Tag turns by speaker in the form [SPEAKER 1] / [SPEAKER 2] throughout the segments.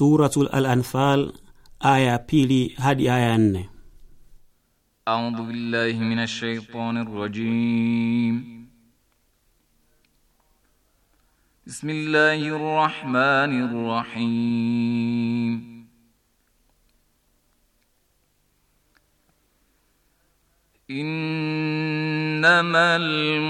[SPEAKER 1] Suratul Al-Anfal aya ya pili hadi aya nne.
[SPEAKER 2] A'udhu billahi minash shaitanir rajim. Bismillahir rahmanir rahim. إنما الم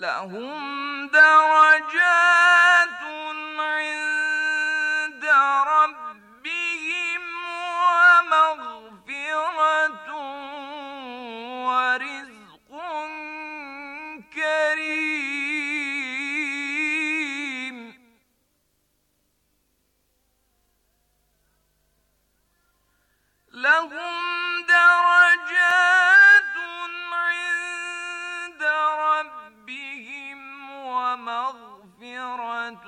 [SPEAKER 2] لهم درجة Kwa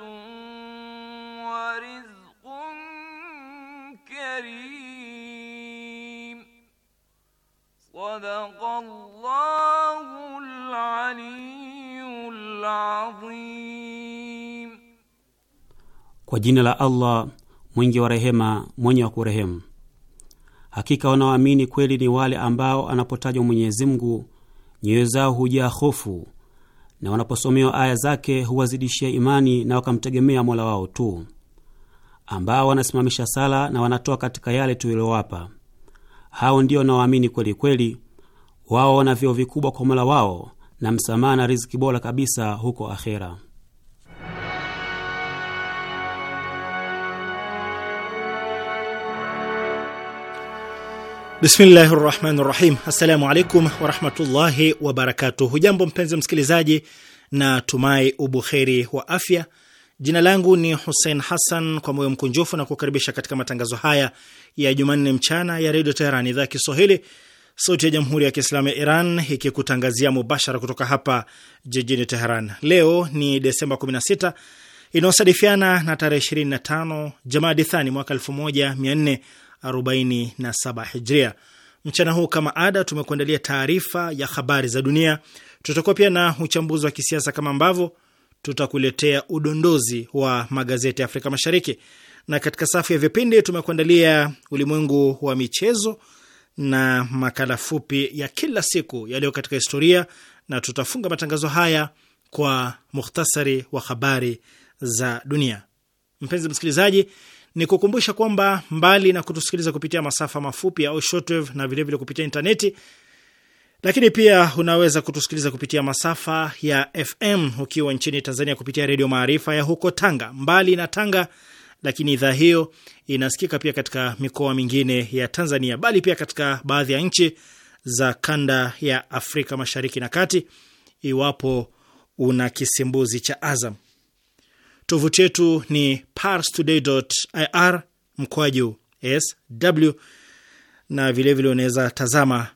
[SPEAKER 1] jina la Allah mwingi wa rehema mwenye wa kurehemu. Hakika wanaoamini kweli ni wale ambao anapotajwa Mwenyezi Mungu nyoyo zao hujaa hofu na wanaposomewa aya zake huwazidishia imani na wakamtegemea mola wao tu, ambao wanasimamisha sala na wanatoa katika yale tuliyowapa. Hao ndio wanaoamini kweli kweli, wao wana vyeo vikubwa kwa mola wao na msamaha na riziki bora kabisa huko akhera. Bismillahi rahmani rahim. Assalamu alaikum warahmatullahi wabarakatuh. Hujambo mpenzi msikilizaji, na tumai ubuheri wa afya. Jina langu ni Hussein Hassan, kwa moyo mkunjufu na kukaribisha katika matangazo haya ya Jumanne mchana ya Redio Teheran, idhaa ya Kiswahili, sauti ya Jamhuri ya Kiislamu ya Iran, ikikutangazia mubashara kutoka hapa jijini Teheran. Leo ni Desemba 16 inayosadifiana na tarehe 25 Jamadi Thani mwaka 47 Hijria. Mchana huu kama ada, tumekuandalia taarifa ya habari za dunia. Tutakuwa pia na uchambuzi wa kisiasa kama ambavyo tutakuletea udondozi wa magazeti ya Afrika Mashariki, na katika safu ya vipindi tumekuandalia ulimwengu wa michezo na makala fupi ya kila siku yaliyo katika historia, na tutafunga matangazo haya kwa mukhtasari wa habari za dunia. Mpenzi msikilizaji, ni kukumbusha kwamba mbali na kutusikiliza kupitia masafa mafupi au shortwave na vilevile kupitia intaneti, lakini pia unaweza kutusikiliza kupitia masafa ya FM ukiwa nchini Tanzania kupitia Redio Maarifa ya huko Tanga. Mbali na Tanga, lakini idhaa hiyo inasikika pia katika mikoa mingine ya Tanzania, bali pia katika baadhi ya nchi za kanda ya Afrika Mashariki na Kati, iwapo una kisimbuzi cha Azam. Tovuti yetu ni parstoday.ir mkwaju sw, na vilevile unaweza tazama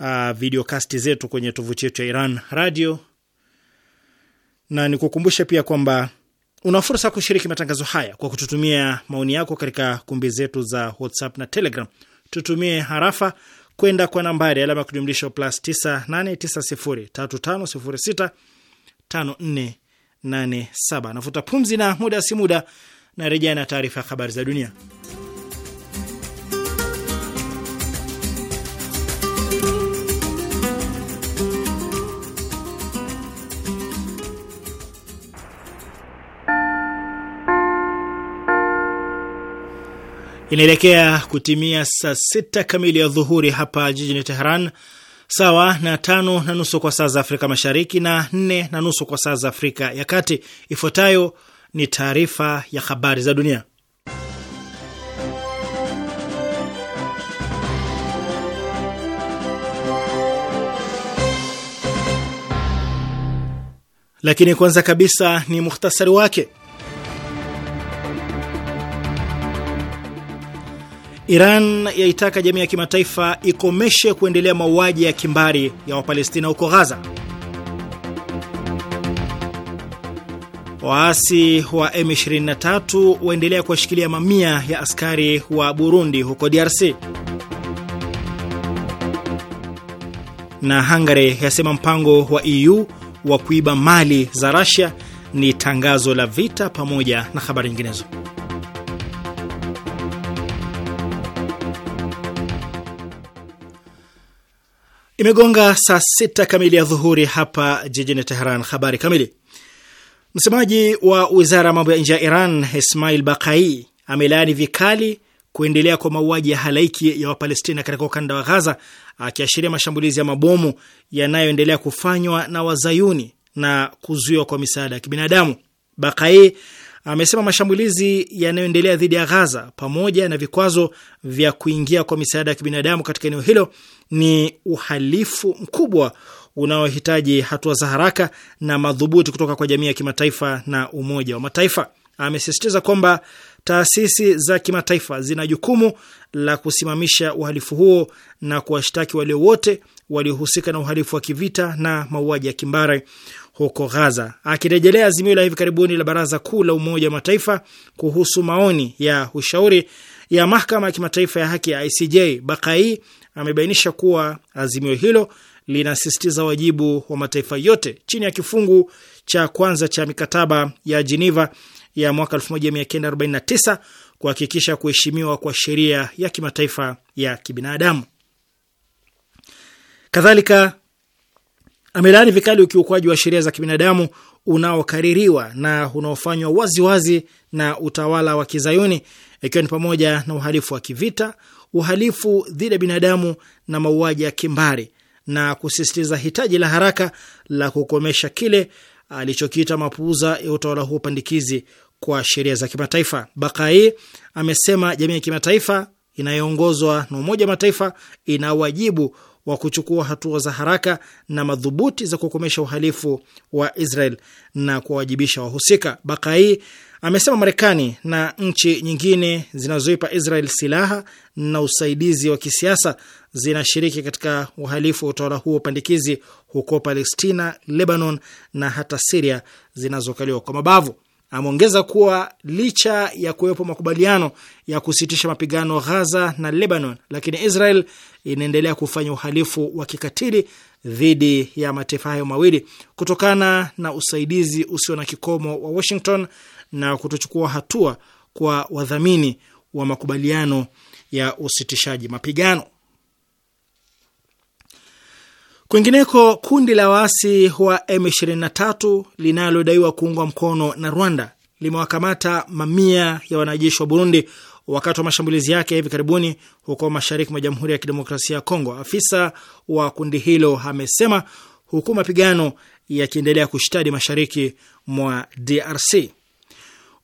[SPEAKER 1] uh, videocasti zetu kwenye tovuti yetu ya Iran Radio, na nikukumbushe pia kwamba una fursa kushiriki matangazo haya kwa kututumia maoni yako katika kumbi zetu za WhatsApp na Telegram. Tutumie harafa kwenda kwa nambari alama ya kujumlisha plus 9890350654 87. Navuta pumzi na muda si muda na rejea na taarifa ya habari za dunia. Inaelekea kutimia saa sita kamili ya dhuhuri hapa jijini Teheran sawa na tano na nusu kwa saa za Afrika Mashariki na nne na nusu kwa saa za Afrika ya Kati. Ifuatayo ni taarifa ya habari za dunia, lakini kwanza kabisa ni muhtasari wake. Iran yaitaka jamii ya kimataifa ikomeshe kuendelea mauaji ya kimbari ya Wapalestina huko Ghaza. Waasi wa M23 waendelea kuwashikilia mamia ya askari wa Burundi huko DRC. Na Hungary yasema mpango wa EU wa kuiba mali za Russia ni tangazo la vita, pamoja na habari nyinginezo. Imegonga saa sita kamili ya dhuhuri hapa jijini Teheran. Habari kamili. Msemaji wa wizara ya mambo ya nje ya Iran Ismail Bakai amelaani vikali kuendelea kwa mauaji ya halaiki ya Wapalestina katika ukanda wa Ghaza, akiashiria mashambulizi ya mabomu yanayoendelea kufanywa na Wazayuni na kuzuiwa kwa misaada ya kibinadamu. Bakai amesema mashambulizi yanayoendelea dhidi ya Ghaza pamoja na vikwazo vya kuingia kwa misaada ya kibinadamu katika eneo hilo ni uhalifu mkubwa unaohitaji hatua za haraka na madhubuti kutoka kwa jamii ya kimataifa na Umoja wa Mataifa. Amesisitiza kwamba taasisi za kimataifa zina jukumu la kusimamisha uhalifu huo na kuwashtaki walio wote waliohusika na uhalifu wa kivita na mauaji ya kimbari huko Gaza, akirejelea azimio la hivi karibuni la Baraza Kuu la Umoja wa Mataifa kuhusu maoni ya ushauri ya mahakama ya kimataifa ya haki ya ICJ. Bakai amebainisha kuwa azimio hilo linasisitiza wajibu wa mataifa yote chini ya kifungu cha kwanza cha mikataba ya Jeneva ya mwaka 1949 kuhakikisha kuheshimiwa kwa sheria ya kimataifa ya kibinadamu. Kadhalika amelaani vikali ukiukwaji wa sheria za kibinadamu unaokaririwa na unaofanywa waziwazi na utawala wa Kizayuni, ikiwa ni pamoja na uhalifu wa kivita, uhalifu dhidi ya binadamu na mauaji ya kimbari na kusisitiza hitaji la haraka la kukomesha kile alichokiita mapuuza ya utawala huo pandikizi kwa sheria za kimataifa. Bakai amesema jamii ya kimataifa inayoongozwa na Umoja wa Mataifa ina wajibu wa kuchukua hatua za haraka na madhubuti za kukomesha uhalifu wa Israel na kuwawajibisha wahusika. Bakai amesema Marekani na nchi nyingine zinazoipa Israel silaha na usaidizi wa kisiasa zinashiriki katika uhalifu wa utawala huo pandikizi huko Palestina, Lebanon na hata Siria zinazokaliwa kwa mabavu. Ameongeza kuwa licha ya kuwepo makubaliano ya kusitisha mapigano Ghaza na Lebanon, lakini Israel inaendelea kufanya uhalifu wa kikatili dhidi ya mataifa hayo mawili kutokana na usaidizi usio na kikomo wa Washington na kutochukua hatua kwa wadhamini wa makubaliano ya usitishaji mapigano. Kwingineko, kundi la waasi wa M23 linalodaiwa kuungwa mkono na Rwanda limewakamata mamia ya wanajeshi wa Burundi wakati wa mashambulizi yake hivi karibuni huko mashariki mwa Jamhuri ya Kidemokrasia ya Kongo. Afisa wa kundi hilo amesema, huku mapigano yakiendelea kushtadi mashariki mwa DRC.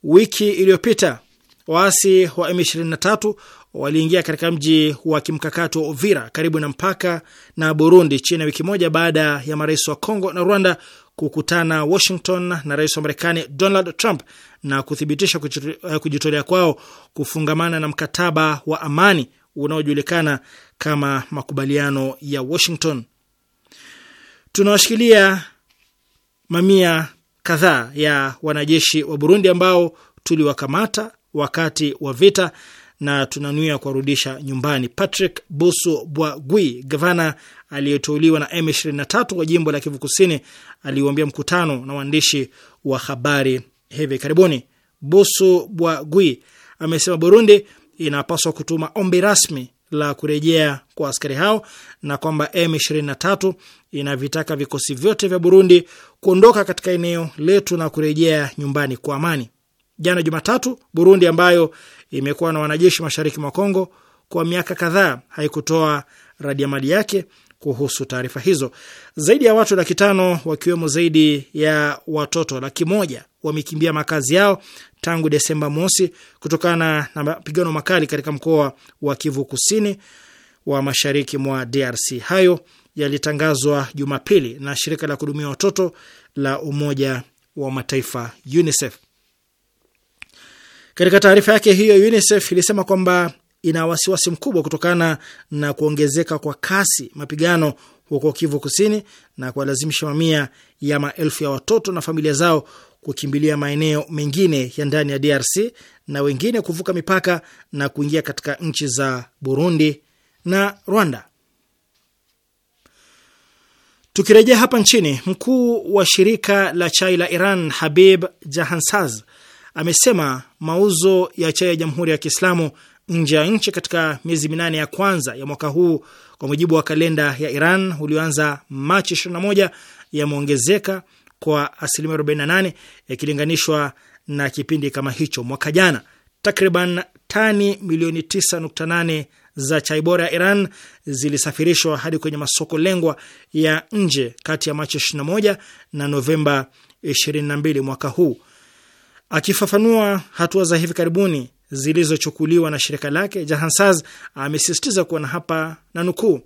[SPEAKER 1] Wiki iliyopita waasi wa M23 waliingia katika mji wa kimkakati wa Uvira karibu na mpaka na Burundi chini ya wiki moja baada ya marais wa congo na Rwanda kukutana Washington na rais wa Marekani Donald Trump na kuthibitisha eh, kujitolea kwao kufungamana na mkataba wa amani unaojulikana kama makubaliano ya Washington. Tunawashikilia mamia kadhaa ya wanajeshi wa Burundi ambao tuliwakamata wakati wa vita na tunanuia kuwarudisha nyumbani. Patrick Busu Bwagui, gavana aliyeteuliwa na M23 kwa jimbo la Kivu Kusini, aliuambia mkutano na waandishi wa habari hivi karibuni. Busu Bwagui amesema Burundi inapaswa kutuma ombi rasmi la kurejea kwa askari hao na kwamba M23 inavitaka vikosi vyote vya Burundi kuondoka katika eneo letu na kurejea nyumbani kwa amani. Jana Jumatatu, Burundi ambayo imekuwa na wanajeshi mashariki mwa Kongo kwa miaka kadhaa haikutoa radiamali yake kuhusu taarifa hizo. Zaidi ya watu laki tano wakiwemo zaidi ya watoto laki moja wamekimbia makazi yao tangu Desemba mosi kutokana na mapigano makali katika mkoa wa Kivu Kusini wa mashariki mwa DRC. Hayo yalitangazwa Jumapili na shirika la kuhudumia watoto la Umoja wa Mataifa, UNICEF. Katika taarifa yake hiyo, UNICEF ilisema kwamba ina wasiwasi mkubwa kutokana na kuongezeka kwa kasi mapigano huko Kivu Kusini na kuwalazimisha mamia ya maelfu ya watoto na familia zao kukimbilia maeneo mengine ya ndani ya DRC na wengine kuvuka mipaka na kuingia katika nchi za Burundi na Rwanda. Tukirejea hapa nchini, mkuu wa shirika la chai la Iran Habib Jahansaz amesema mauzo ya chai ya Jamhuri ya Kiislamu nje ya nchi katika miezi minane ya kwanza ya mwaka huu kwa mujibu wa kalenda ya Iran ulioanza Machi 21 yameongezeka kwa asilimia 48 yakilinganishwa na kipindi kama hicho mwaka jana. Takriban tani milioni 9.8 za chai bora ya Iran zilisafirishwa hadi kwenye masoko lengwa ya nje kati ya Machi 21 na Novemba 22 mwaka huu. Akifafanua hatua za hivi karibuni zilizochukuliwa na shirika lake, Jahansaz amesisitiza kuwa na hapa na nukuu,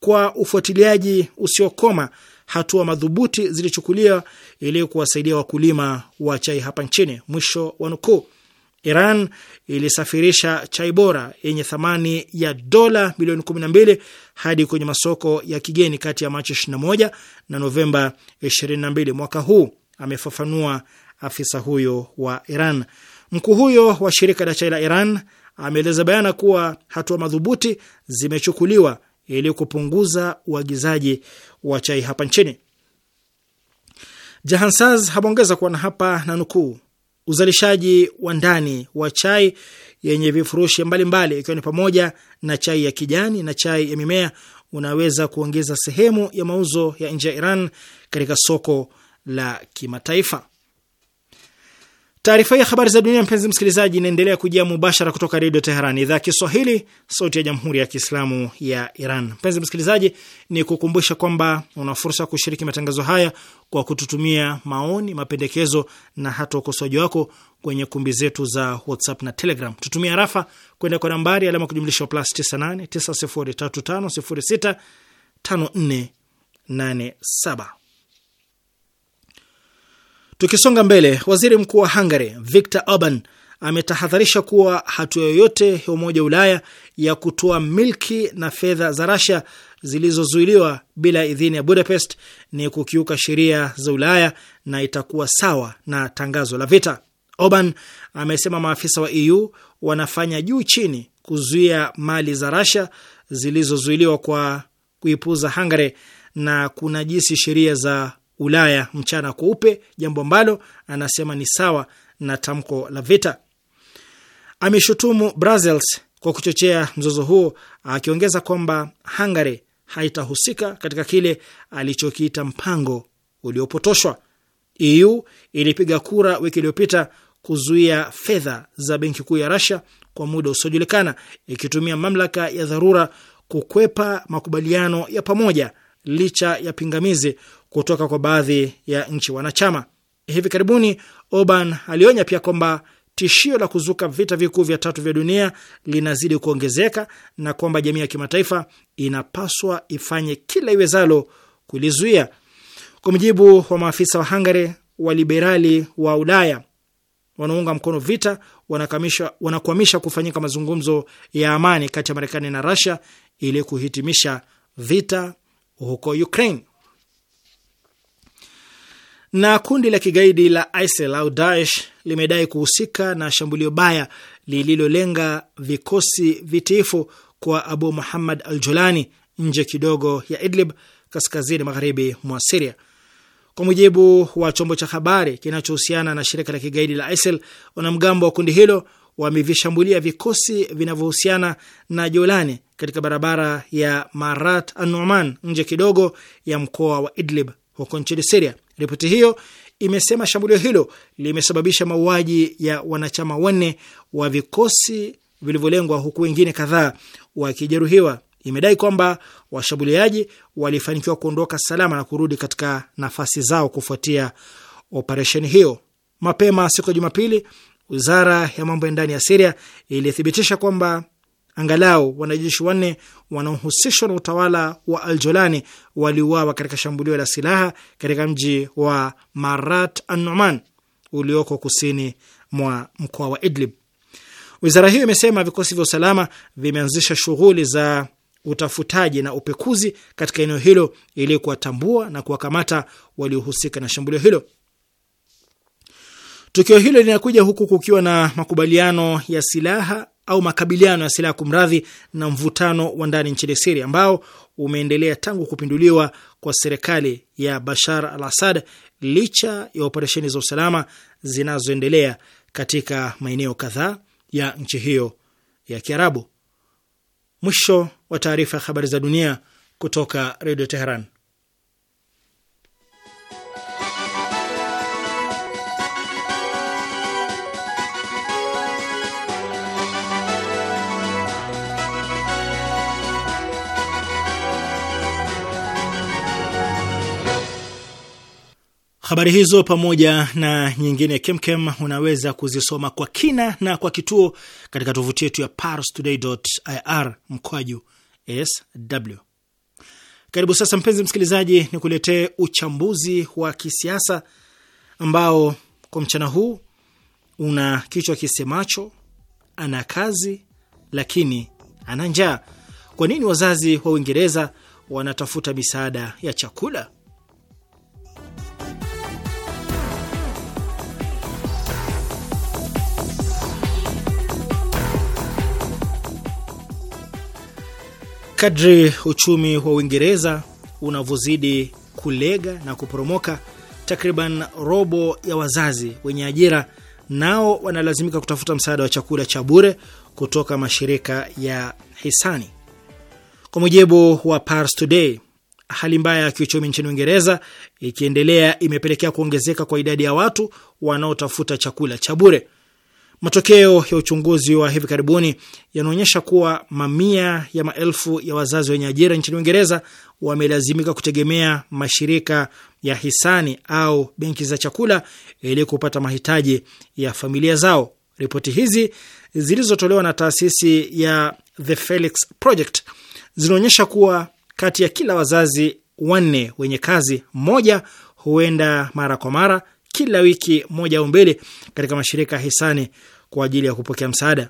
[SPEAKER 1] kwa ufuatiliaji usiokoma hatua madhubuti zilichukuliwa ili kuwasaidia wakulima wa chai hapa nchini, mwisho wa nukuu. Iran ilisafirisha chai bora yenye thamani ya dola milioni 12 hadi kwenye masoko ya kigeni kati ya Machi 21 na Novemba 22 mwaka huu, amefafanua afisa huyo wa Iran. Mkuu huyo wa shirika la chai la Iran ameeleza bayana kuwa hatua madhubuti zimechukuliwa ili kupunguza uagizaji wa chai hapa nchini. Jahansaz hameongeza kuwa na hapa na nukuu, uzalishaji wa ndani wa chai yenye vifurushi mbalimbali ikiwa ni pamoja na chai ya kijani na chai ya mimea unaweza kuongeza sehemu ya mauzo ya nje ya Iran katika soko la kimataifa. Taarifa hii ya habari za dunia, mpenzi msikilizaji, inaendelea kujia mubashara kutoka Redio Teheran, idhaa Kiswahili, sauti ya jamhuri ya kiislamu ya Iran. Mpenzi msikilizaji, ni kukumbusha kwamba una fursa ya kushiriki matangazo haya kwa kututumia maoni, mapendekezo na hata ukosoaji wako kwenye kumbi zetu za WhatsApp na Telegram. Tutumia rafa kwenda kwa nambari alama kujumlisha plus 98 9035065487. Tukisonga mbele, waziri mkuu wa Hungary Viktor Orban ametahadharisha kuwa hatua yoyote ya Umoja wa Ulaya ya kutoa milki na fedha za rasha zilizozuiliwa bila idhini ya Budapest ni kukiuka sheria za Ulaya na itakuwa sawa na tangazo la vita. Orban amesema maafisa wa EU wanafanya juu chini kuzuia mali za rasha zilizozuiliwa kwa kuipuza Hungary na kunajisi sheria za Ulaya mchana kweupe, jambo ambalo anasema ni sawa na tamko la vita. Ameshutumu Brussels kwa kuchochea mzozo huo, akiongeza kwamba Hungary haitahusika katika kile alichokiita mpango uliopotoshwa. EU ilipiga kura wiki iliyopita kuzuia fedha za benki kuu ya Russia kwa muda usiojulikana, ikitumia mamlaka ya dharura kukwepa makubaliano ya pamoja licha ya pingamizi kutoka kwa baadhi ya nchi wanachama. Hivi karibuni Oban alionya pia kwamba tishio la kuzuka vita vikuu vya tatu vya dunia linazidi kuongezeka na kwamba jamii ya kimataifa inapaswa ifanye kila iwezalo kulizuia. Kwa mujibu wa maafisa wa Hungary, waliberali wa Ulaya wanaunga mkono vita wanakwamisha kufanyika mazungumzo ya amani kati ya Marekani na Russia ili kuhitimisha vita huko Ukraine. Na kundi la kigaidi la ISIL au Daesh limedai kuhusika na shambulio baya lililolenga vikosi vitiifu kwa Abu Muhammad al Julani nje kidogo ya Idlib, kaskazini magharibi mwa Siria. Kwa mujibu wa chombo cha habari kinachohusiana na shirika la kigaidi la ISIL, wanamgambo wa kundi hilo wamevishambulia vikosi vinavyohusiana na Jolani katika barabara ya Marat Anuman nje kidogo ya mkoa wa Idlib huko nchini Siria. Ripoti hiyo imesema shambulio hilo limesababisha mauaji ya wanachama wanne wa vikosi vilivyolengwa huku wengine kadhaa wakijeruhiwa. Imedai kwamba washambuliaji walifanikiwa kuondoka salama na kurudi katika nafasi zao kufuatia operesheni hiyo. Mapema siku ya Jumapili, wizara ya mambo ya ndani ya Siria ilithibitisha kwamba Angalau wanajeshi wanne wanaohusishwa na utawala wa Aljolani waliuawa katika shambulio la silaha katika mji wa Marat anuman ulioko kusini mwa mkoa wa Idlib. Wizara hiyo imesema vikosi vya usalama vimeanzisha shughuli za utafutaji na upekuzi katika eneo hilo ili kuwatambua na kuwakamata waliohusika na shambulio hilo. Tukio hilo linakuja huku kukiwa na makubaliano ya silaha au makabiliano ya silaha kumradhi, na mvutano wa ndani nchini Siria ambao umeendelea tangu kupinduliwa kwa serikali ya Bashar al Assad, licha ya operesheni za usalama zinazoendelea katika maeneo kadhaa ya nchi hiyo ya Kiarabu. Mwisho wa taarifa ya habari za dunia kutoka Redio Teheran. Habari hizo pamoja na nyingine kemkem unaweza kuzisoma kwa kina na kwa kituo katika tovuti yetu ya parstoday.ir mkwaju sw. Karibu sasa, mpenzi msikilizaji, ni kuletee uchambuzi wa kisiasa ambao kwa mchana huu una kichwa kisemacho ana kazi lakini ana njaa. Kwa nini wazazi wa Uingereza wanatafuta misaada ya chakula? Kadri uchumi wa Uingereza unavyozidi kulega na kuporomoka, takriban robo ya wazazi wenye ajira nao wanalazimika kutafuta msaada wa chakula cha bure kutoka mashirika ya hisani. Kwa mujibu wa Pars Today, hali mbaya ya kiuchumi nchini Uingereza ikiendelea imepelekea kuongezeka kwa idadi ya watu wanaotafuta chakula cha bure. Matokeo ya uchunguzi wa hivi karibuni yanaonyesha kuwa mamia ya maelfu ya wazazi wenye ajira nchini Uingereza wamelazimika kutegemea mashirika ya hisani au benki za chakula ili kupata mahitaji ya familia zao. Ripoti hizi zilizotolewa na taasisi ya The Felix Project zinaonyesha kuwa kati ya kila wazazi wanne wenye kazi, mmoja huenda mara kwa mara kila wiki moja au mbili katika mashirika hisani kwa ajili ya kupokea msaada.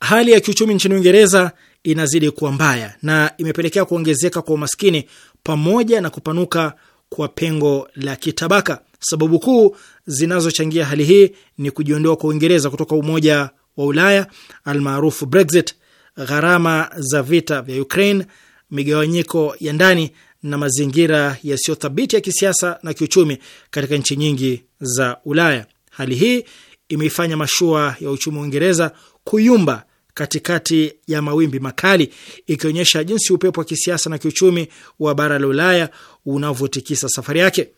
[SPEAKER 1] Hali ya kiuchumi nchini Uingereza inazidi kuwa mbaya na imepelekea kuongezeka kwa umaskini pamoja na kupanuka kwa pengo la kitabaka. Sababu kuu zinazochangia hali hii ni kujiondoa kwa Uingereza kutoka Umoja wa Ulaya almaarufu Brexit, gharama za vita vya Ukraine, migawanyiko ya ndani na mazingira yasiyothabiti ya kisiasa na kiuchumi katika nchi nyingi za Ulaya. Hali hii imeifanya mashua ya uchumi wa Uingereza kuyumba katikati ya mawimbi makali, ikionyesha jinsi upepo wa kisiasa na kiuchumi wa bara la Ulaya unavyotikisa safari yake.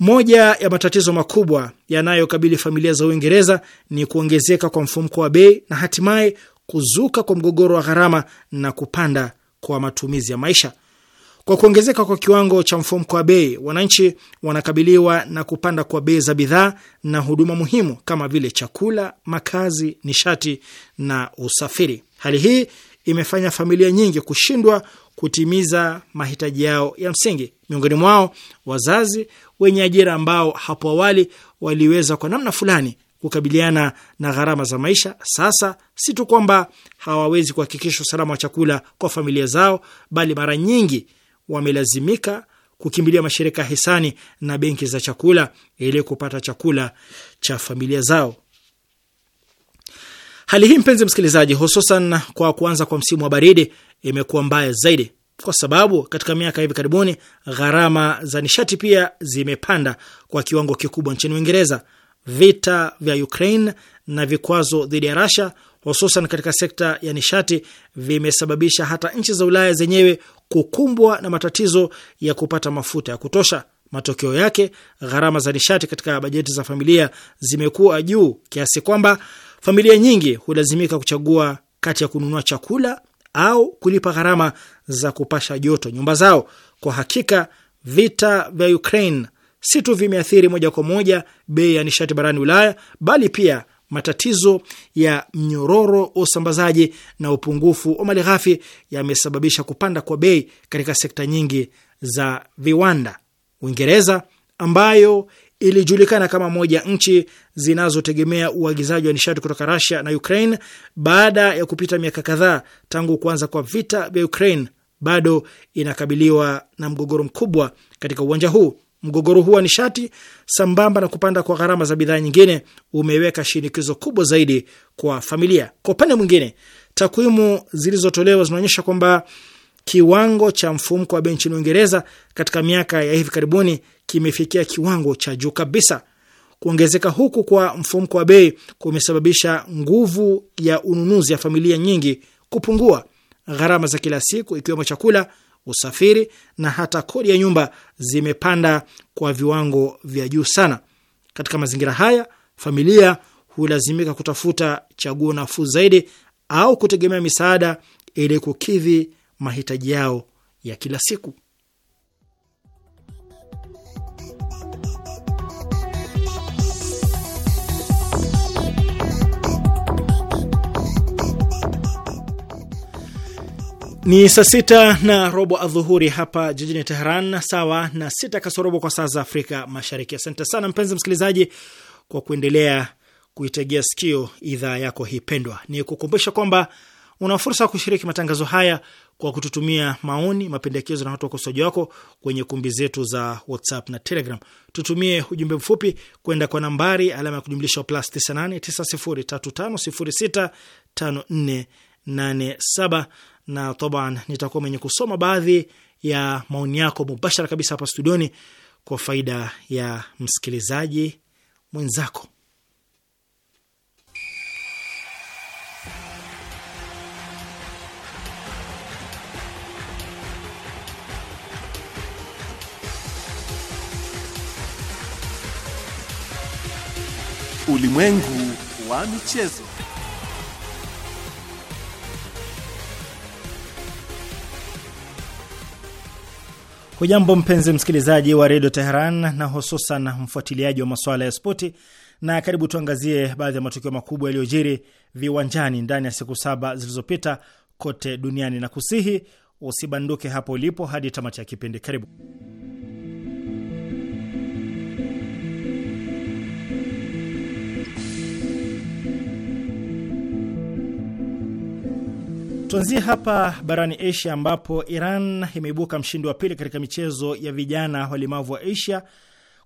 [SPEAKER 1] Moja ya matatizo makubwa yanayokabili familia za Uingereza ni kuongezeka kwa mfumko wa bei na hatimaye kuzuka kwa mgogoro wa gharama na kupanda kwa matumizi ya maisha. Kwa kuongezeka kwa kiwango cha mfumko wa bei, wananchi wanakabiliwa na kupanda kwa bei za bidhaa na huduma muhimu kama vile chakula, makazi, nishati na usafiri. Hali hii imefanya familia nyingi kushindwa kutimiza mahitaji yao ya msingi, miongoni mwao wazazi wenye ajira ambao hapo awali waliweza kwa namna fulani kukabiliana na gharama za maisha, sasa si tu kwamba hawawezi kuhakikisha usalama wa chakula kwa familia zao, bali mara nyingi wamelazimika kukimbilia mashirika hisani na benki za chakula ili kupata chakula cha familia zao. Hali hii, mpenzi msikilizaji, hususan kwa kuanza kwa msimu wa baridi, imekuwa mbaya zaidi, kwa sababu katika miaka hivi karibuni gharama za nishati pia zimepanda kwa kiwango kikubwa nchini Uingereza. Vita vya Ukraine na vikwazo dhidi ya Russia hususan katika sekta ya nishati vimesababisha hata nchi za Ulaya zenyewe kukumbwa na matatizo ya kupata mafuta ya kutosha. Matokeo yake, gharama za nishati katika bajeti za familia zimekuwa juu kiasi kwamba familia nyingi hulazimika kuchagua kati ya kununua chakula au kulipa gharama za kupasha joto nyumba zao. Kwa hakika, vita vya Ukraine si tu vimeathiri moja kwa moja bei ya nishati barani Ulaya, bali pia matatizo ya mnyororo wa usambazaji na upungufu wa malighafi yamesababisha kupanda kwa bei katika sekta nyingi za viwanda. Uingereza ambayo ilijulikana kama moja nchi zinazotegemea uagizaji wa nishati kutoka rasia na Ukraine, baada ya kupita miaka kadhaa tangu kuanza kwa vita vya Ukraine, bado inakabiliwa na mgogoro mkubwa katika uwanja huu. Mgogoro huu wa nishati sambamba na kupanda kwa gharama za bidhaa nyingine umeweka shinikizo kubwa zaidi kwa familia. Kwa upande mwingine, takwimu zilizotolewa zinaonyesha kwamba kiwango cha mfumko wa bei nchini Uingereza katika miaka ya hivi karibuni kimefikia kiwango cha juu kabisa. Kuongezeka huku kwa mfumko wa bei kumesababisha nguvu ya ununuzi ya familia nyingi kupungua. Gharama za kila siku ikiwemo chakula usafiri na hata kodi ya nyumba zimepanda kwa viwango vya juu sana. Katika mazingira haya, familia hulazimika kutafuta chaguo nafuu zaidi au kutegemea misaada ili kukidhi mahitaji yao ya kila siku. Ni saa sita na robo adhuhuri hapa jijini Teheran, sawa na sita kasorobo kwa saa za Afrika Mashariki. Asante sana mpenzi msikilizaji kwa kuendelea kuitegea sikio idhaa yako hii pendwa. Ni kukumbusha kwamba una fursa ya kushiriki matangazo haya kwa kututumia maoni, mapendekezo na hata ukosoaji wako kwenye kumbi zetu za WhatsApp na Telegram. Tutumie ujumbe mfupi kwenda kwa nambari alama ya kujumlisha plus 98 9035065487 na taban nitakuwa mwenye kusoma baadhi ya maoni yako mubashara kabisa hapa studioni kwa faida ya msikilizaji mwenzako. Ulimwengu wa michezo. Hujambo mpenzi msikilizaji wa redio Teheran na hususan mfuatiliaji wa masuala ya spoti, na karibu tuangazie baadhi ya matukio makubwa yaliyojiri viwanjani ndani ya siku saba zilizopita kote duniani, na kusihi usibanduke hapo ulipo hadi tamati ya kipindi. Karibu. Tuanzie hapa barani Asia ambapo Iran imeibuka mshindi wa pili katika michezo ya vijana walemavu wa Asia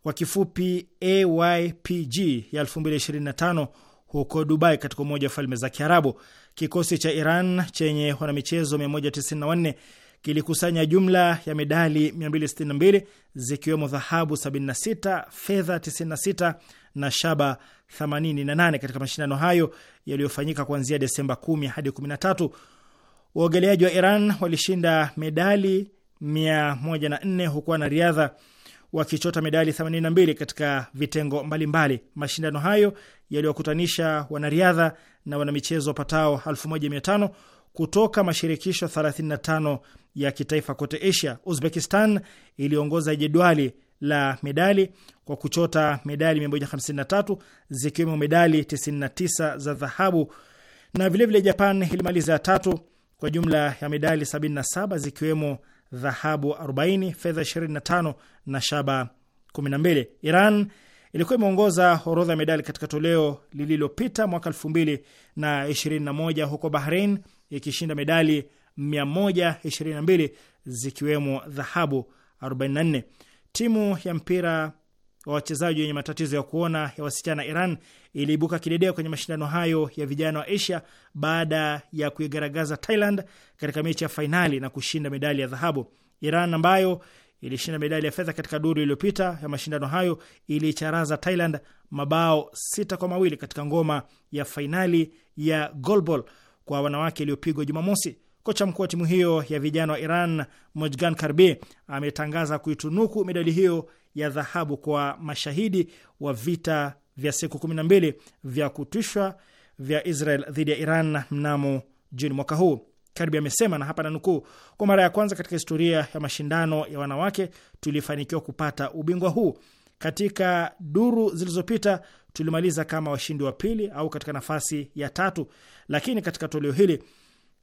[SPEAKER 1] kwa kifupi AYPG ya 2025 huko Dubai katika Umoja wa Falme za Kiarabu. Kikosi cha Iran chenye wanamichezo 194 kilikusanya jumla ya medali 262 zikiwemo dhahabu 76, fedha 96 na shaba 88 katika mashindano hayo yaliyofanyika kuanzia Desemba 10 hadi 13 Waogeleaji wa Iran walishinda medali 104 huku wanariadha wakichota medali 82 katika vitengo mbalimbali mbali. Mashindano hayo yaliwakutanisha wanariadha na wanamichezo wapatao 1500 kutoka mashirikisho 35 ya kitaifa kote Asia. Uzbekistan iliongoza jedwali la medali kwa kuchota medali 153 zikiwemo medali 99 za dhahabu na vilevile vile Japan ilimaliza ya tatu kwa jumla ya medali 77 zikiwemo dhahabu 40, fedha 25 na shaba 12. Iran ilikuwa imeongoza orodha ya medali katika toleo lililopita mwaka 2021 huko Bahrain ikishinda medali 122 zikiwemo dhahabu 44. Timu ya mpira wa wachezaji wenye matatizo ya kuona ya wasichana Iran iliibuka kidedea kwenye mashindano hayo ya vijana wa Asia baada ya kuigaragaza Thailand katika mechi ya fainali na kushinda medali ya dhahabu. Iran ambayo ilishinda medali ya fedha katika duru iliyopita ya mashindano hayo iliicharaza Thailand mabao sita kwa mawili katika ngoma ya fainali ya golbol kwa wanawake iliyopigwa Jumamosi. Kocha mkuu wa timu hiyo ya vijana wa Iran Mojgan Karbi ametangaza kuitunuku medali hiyo ya dhahabu kwa mashahidi wa vita vya siku kumi na mbili vya kutishwa vya Israel dhidi ya Iran mnamo Juni mwaka huu. karibi amesema na hapa nanukuu, kwa mara ya kwanza katika historia ya mashindano ya wanawake tulifanikiwa kupata ubingwa huu. Katika duru zilizopita tulimaliza kama washindi wa pili au katika nafasi ya tatu, lakini katika toleo hili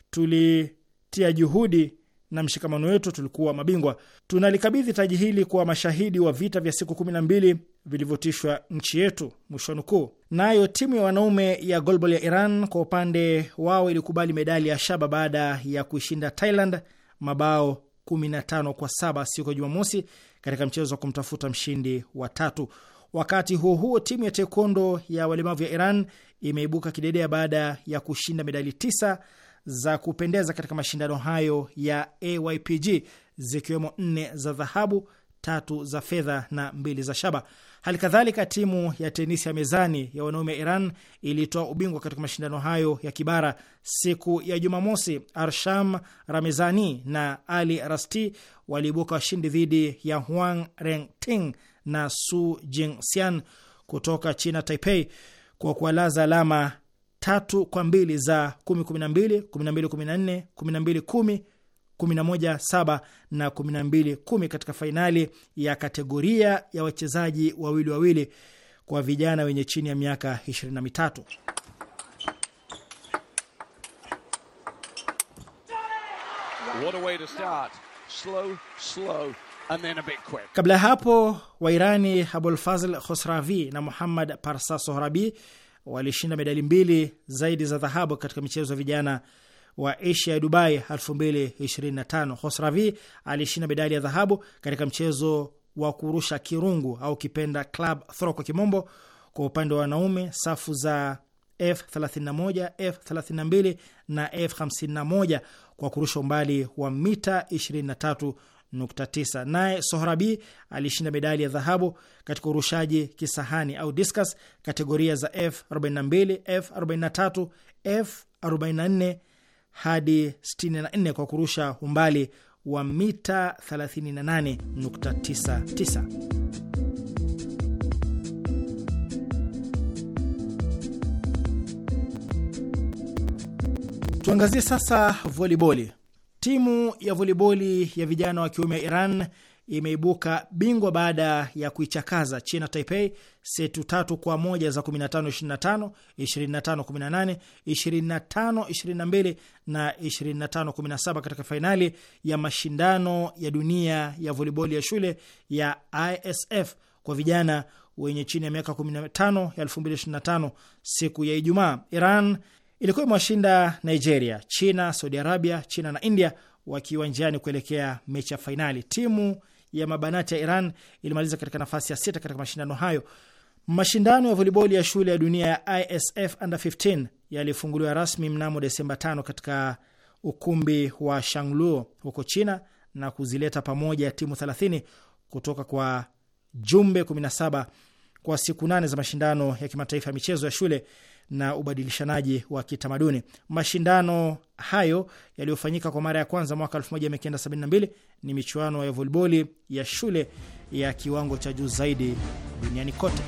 [SPEAKER 1] tulitia juhudi na mshikamano wetu tulikuwa mabingwa. Tunalikabidhi taji hili kwa mashahidi wa vita vya siku kumi na mbili vilivyotishwa nchi yetu, mwisho nukuu. Nayo timu ya wanaume ya golbol ya Iran kwa upande wao ilikubali medali ya shaba baada ya kuishinda Thailand mabao 15 kwa saba siku ya Jumamosi katika mchezo wa kumtafuta mshindi wa tatu. Wakati huo huo, timu ya taekwondo ya walemavu ya Iran imeibuka kidedea baada ya kushinda medali tisa za kupendeza katika mashindano hayo ya AYPG zikiwemo nne za dhahabu, tatu za fedha na mbili za shaba. Hali kadhalika timu ya tenisi ya mezani ya wanaume ya Iran ilitoa ubingwa katika mashindano hayo ya kibara siku ya Jumamosi. Arsham Ramezani na Ali Rasti waliibuka washindi dhidi ya Huang Rengting na Su Jingxian kutoka China Taipei kwa kuwalaza alama tatu kwa mbili za kumi kumi na mbili kumi na mbili kumi katika fainali ya kategoria ya wachezaji wawili wawili kwa vijana wenye chini ya miaka 23.
[SPEAKER 2] What a way to start. Slow, slow, and then
[SPEAKER 3] a bit quick.
[SPEAKER 1] Kabla ya hapo Wairani Abulfazl Khosravi na Muhammad Parsa Sohrabi walishinda medali mbili zaidi za dhahabu katika michezo ya vijana wa Asia ya Dubai 2025. Hosravi alishinda medali ya dhahabu katika mchezo wa kurusha kirungu au kipenda club throw kwa kimombo. Kwa upande wa wanaume, safu za F31, F32 na F51 kwa kurusha umbali wa mita 9. Naye Sohrabi alishinda medali ya dhahabu katika urushaji kisahani au discus kategoria za F42, F43, F44 hadi 64 kwa kurusha umbali wa mita 38.99. Tuangazie sasa voliboli. Timu ya voliboli ya vijana wa kiume ya Iran imeibuka bingwa baada ya kuichakaza China Taipei setu tatu kwa moja za 15-25, 25-18, 25-22 na 25-17 katika fainali ya mashindano ya dunia ya voliboli ya shule ya ISF kwa vijana wenye chini ya miaka 15 ya 2025 siku ya Ijumaa. Iran ilikuwa imewashinda Nigeria, China, Saudi Arabia, China na India wakiwa njiani kuelekea mechi ya fainali. Timu ya mabanati ya Iran ilimaliza katika nafasi ya sita katika mashindano hayo. Mashindano ya voliboli ya shule ya dunia ya ISF under 15 yalifunguliwa rasmi mnamo Desemba 5 katika ukumbi wa Shangluo huko China na kuzileta pamoja timu 30 kutoka kwa jumbe 17 kwa siku nane za mashindano ya kimataifa ya michezo ya shule na ubadilishanaji wa kitamaduni. Mashindano hayo yaliyofanyika kwa mara ya kwanza mwaka 1972 ni michuano ya voliboli ya shule ya kiwango cha juu zaidi duniani kote.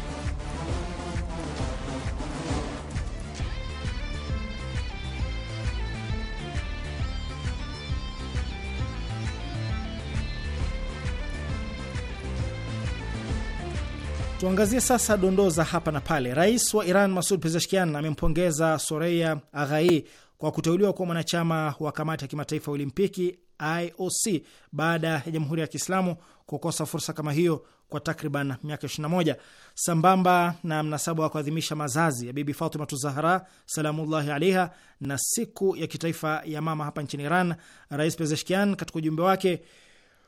[SPEAKER 1] Tuangazie sasa dondoo za hapa na pale. Rais wa Iran Masud Pezeshkian amempongeza Soreya Aghai kwa kuteuliwa kuwa mwanachama wa kamati ya kimataifa ya Olimpiki IOC baada ya Jamhuri ya Kiislamu kukosa fursa kama hiyo kwa takriban miaka 21 sambamba na mnasaba wa kuadhimisha mazazi ya Bibi Fatimatu Zahra salamullahi alaiha na siku ya kitaifa ya mama hapa nchini Iran. Rais Pezeshkian katika ujumbe wake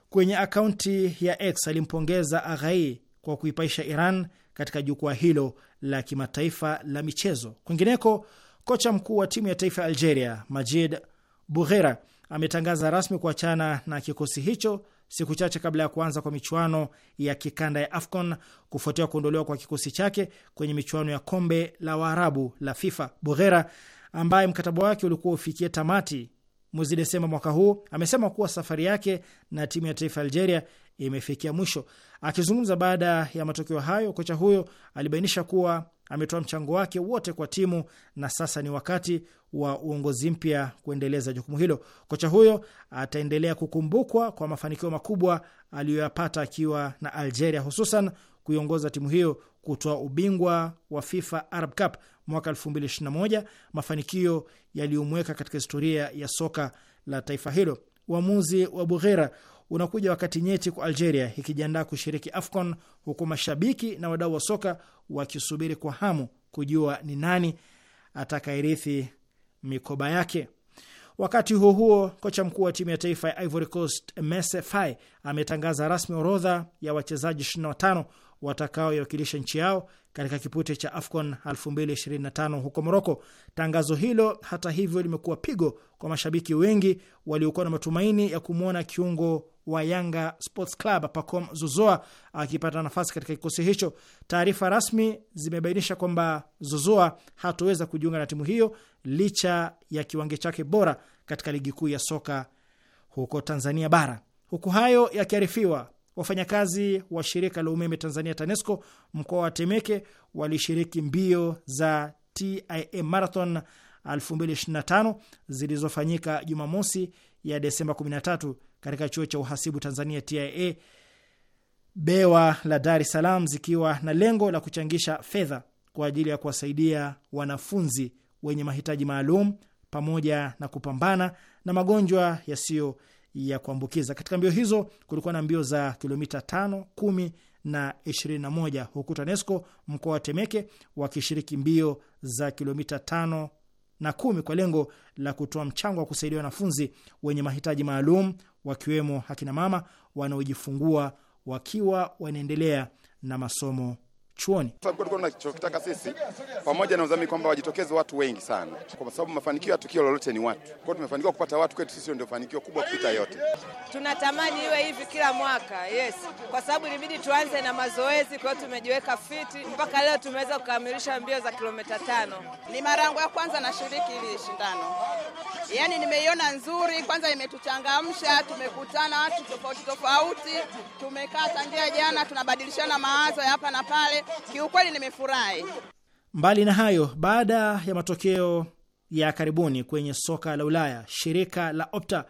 [SPEAKER 1] kwenye akaunti ya X alimpongeza Aghai kwa kuipaisha Iran katika jukwaa hilo la kimataifa la michezo. Kwingineko, kocha mkuu wa timu ya taifa ya Algeria Majid Bughera ametangaza rasmi kuachana na kikosi hicho siku chache kabla ya kuanza kwa michuano ya kikanda ya AFCON kufuatia kuondolewa kwa kikosi chake kwenye michuano ya kombe la Waarabu la FIFA. Bughera ambaye mkataba wake ulikuwa ufikie tamati mwezi Desemba mwaka huu amesema kuwa safari yake na timu ya taifa Algeria imefikia mwisho. Akizungumza baada ya matokeo hayo, kocha huyo alibainisha kuwa ametoa mchango wake wote kwa timu na sasa ni wakati wa uongozi mpya kuendeleza jukumu hilo. Kocha huyo ataendelea kukumbukwa kwa mafanikio makubwa aliyoyapata akiwa na Algeria, hususan kuiongoza timu hiyo kutoa ubingwa wa FIFA Arab Cup mwaka 2021, mafanikio yaliyomweka katika historia ya soka la taifa hilo. Uamuzi wa Bughera unakuja wakati nyeti kwa Algeria ikijiandaa kushiriki AFCON, huku mashabiki na wadau wa soka wakisubiri kwa hamu kujua ni nani atakairithi mikoba yake. Wakati huo huo, kocha mkuu wa timu ya taifa ya Ivory Coast Messe Faye ametangaza rasmi orodha ya wachezaji 25 watakaoiwakilisha nchi yao katika kipute cha AFCON 2025 huko Moroko. Tangazo hilo hata hivyo limekuwa pigo kwa mashabiki wengi waliokuwa na matumaini ya kumwona kiungo wa Yanga Sports Club Pacom Zozoa akipata nafasi katika kikosi hicho. Taarifa rasmi zimebainisha kwamba Zozoa hatoweza kujiunga na timu hiyo licha ya kiwango chake bora katika ligi kuu ya soka huko Tanzania bara. Huku hayo yakiarifiwa, wafanyakazi wa shirika la umeme Tanzania TANESCO mkoa wa Temeke walishiriki mbio za TIA Marathon 2025 zilizofanyika Jumamosi ya Desemba 13 katika chuo cha uhasibu Tanzania TIA bewa la Dar es Salaam zikiwa na lengo la kuchangisha fedha kwa ajili ya kuwasaidia wanafunzi wenye mahitaji maalum pamoja na kupambana na magonjwa yasiyo ya kuambukiza. Katika mbio hizo kulikuwa na mbio za kilomita tano, kumi na moja huku TANESCO mkoa wa Temeke wakishiriki mbio za kilomita tano na kumi kwa lengo la kutoa mchango wa kusaidia wanafunzi wenye mahitaji maalum wakiwemo akina mama wanaojifungua wakiwa wanaendelea na masomo chuoni.
[SPEAKER 2] Tunachokitaka sisi pamoja na
[SPEAKER 1] uzami kwamba wajitokeze watu wengi sana, kwa sababu mafanikio ya tukio lolote ni watu. Kwao tumefanikiwa kupata watu, kwetu sisi ndio fanikio kubwa kupita yote.
[SPEAKER 2] Tunatamani iwe hivi kila mwaka, yes, kwa sababu ilibidi tuanze na mazoezi. Kwa hiyo tumejiweka fiti, mpaka leo tumeweza kukamilisha mbio za kilomita tano. Ni mara yangu ya kwanza nashiriki hili shindano yani nimeiona
[SPEAKER 1] nzuri. Kwanza imetuchangamsha, tumekutana watu tofauti tofauti, tumekaa
[SPEAKER 2] tangia jana, tunabadilishana mawazo ya hapa na pale. Kiukweli nimefurahi.
[SPEAKER 1] Mbali na hayo, baada ya matokeo ya karibuni kwenye soka la Ulaya, shirika la Opta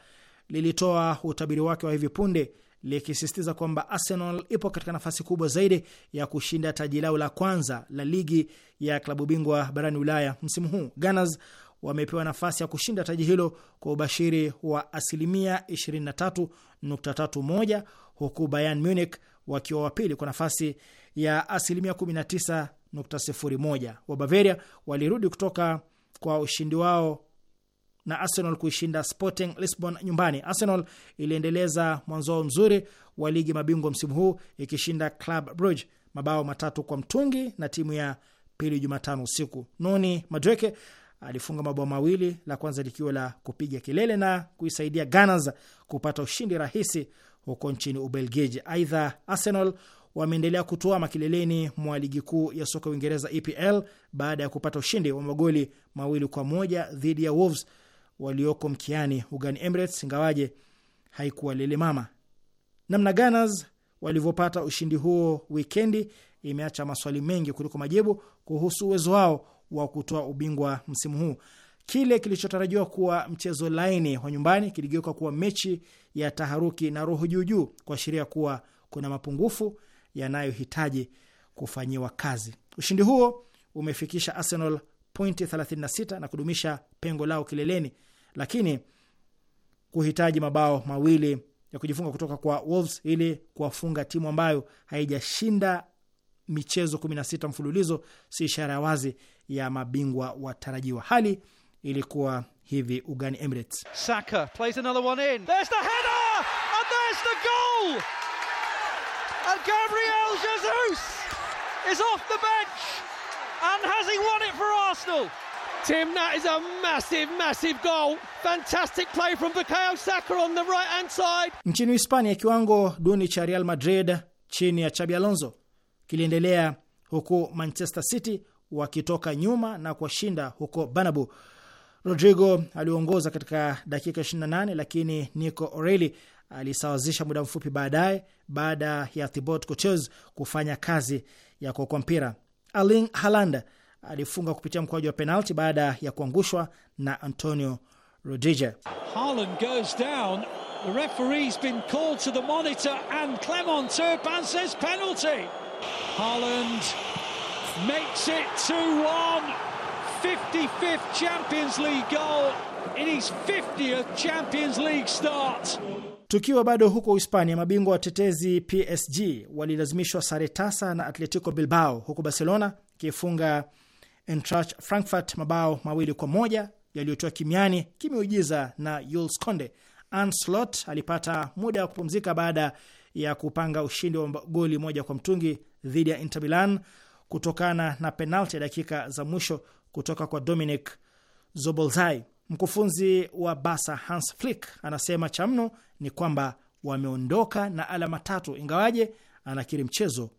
[SPEAKER 1] lilitoa utabiri wake wa hivi punde likisisitiza kwamba Arsenal ipo katika nafasi kubwa zaidi ya kushinda taji lao la kwanza la ligi ya klabu bingwa barani Ulaya msimu huu. Gunners wamepewa nafasi ya kushinda taji hilo kwa ubashiri wa asilimia 23.31 huku Bayern Munich wakiwa wapili kwa nafasi ya asilimia 19.01. Wa Bavaria walirudi kutoka kwa ushindi wao na Arsenal kuishinda Sporting Lisbon nyumbani. Arsenal iliendeleza mwanzo wao mzuri wa ligi mabingwa msimu huu ikishinda Club Brugge mabao matatu kwa mtungi na timu ya pili Jumatano usiku. Noni Madweke alifunga mabao mawili, la kwanza likiwa la kupiga kelele na kuisaidia Gunners kupata ushindi rahisi huko nchini Ubelgiji. Aidha, Arsenal wameendelea kutoa makileleni mwa ligi kuu ya soka Uingereza EPL baada ya kupata ushindi wa magoli mawili kwa moja dhidi ya Wolves walioko mkiani ugani Emirates, ingawaje haikuwa lele mama. Namna Gunners walivyopata ushindi huo wikendi imeacha maswali mengi kuliko majibu kuhusu uwezo wao wa kutoa ubingwa msimu huu. Kile kilichotarajiwa kuwa mchezo laini wa nyumbani kiligeuka kuwa mechi ya taharuki na roho juu juu, kuashiria kuwa kuna mapungufu yanayohitaji kufanyiwa kazi. Ushindi huo umefikisha Arsenal pointi 36 na kudumisha pengo lao kileleni, lakini kuhitaji mabao mawili ya kujifunga kutoka kwa Wolves ili kuwafunga timu ambayo haijashinda michezo 16 mfululizo si ishara ya wazi ya mabingwa watarajiwa. Hali ilikuwa hivi ugani Emirates.
[SPEAKER 3] Saka
[SPEAKER 2] plays another one in. There's the header
[SPEAKER 3] and there's the goal. And Gabriel Jesus is off the bench and has he won it for Arsenal? Tim, that is a massive, massive goal. Fantastic play from Bukayo Saka on the right hand side.
[SPEAKER 1] Nchini Hispania, kiwango duni cha Real Madrid chini ya Chabi Alonso kiliendelea huku Manchester City wakitoka nyuma na kuwashinda huko Bernabeu. Rodrigo aliongoza katika dakika 28 lakini Nico o'reli alisawazisha muda mfupi baadaye baada ya Thibaut Courtois kufanya kazi ya kuokoa mpira. Erling Haaland alifunga kupitia mkwaju wa penalti baada ya kuangushwa na Antonio Rudiger.
[SPEAKER 2] Holland makes it 2-1. 55th Champions League goal in his 50th Champions League start.
[SPEAKER 1] Tukiwa bado huko Hispania, mabingwa watetezi PSG walilazimishwa sare tasa na Atletico Bilbao, huku Barcelona ikifunga Eintracht Frankfurt mabao mawili kwa moja yaliyotoa kimiani kimeujiza na Jules Konde. Anslot alipata muda wa kupumzika baada ya kupanga ushindi wa goli moja kwa mtungi dhidi ya Inter Milan kutokana na penalti ya dakika za mwisho kutoka kwa Dominic Zobolzai. Mkufunzi wa Barca Hans Flick anasema cha mno ni kwamba wameondoka na alama tatu, ingawaje anakiri mchezo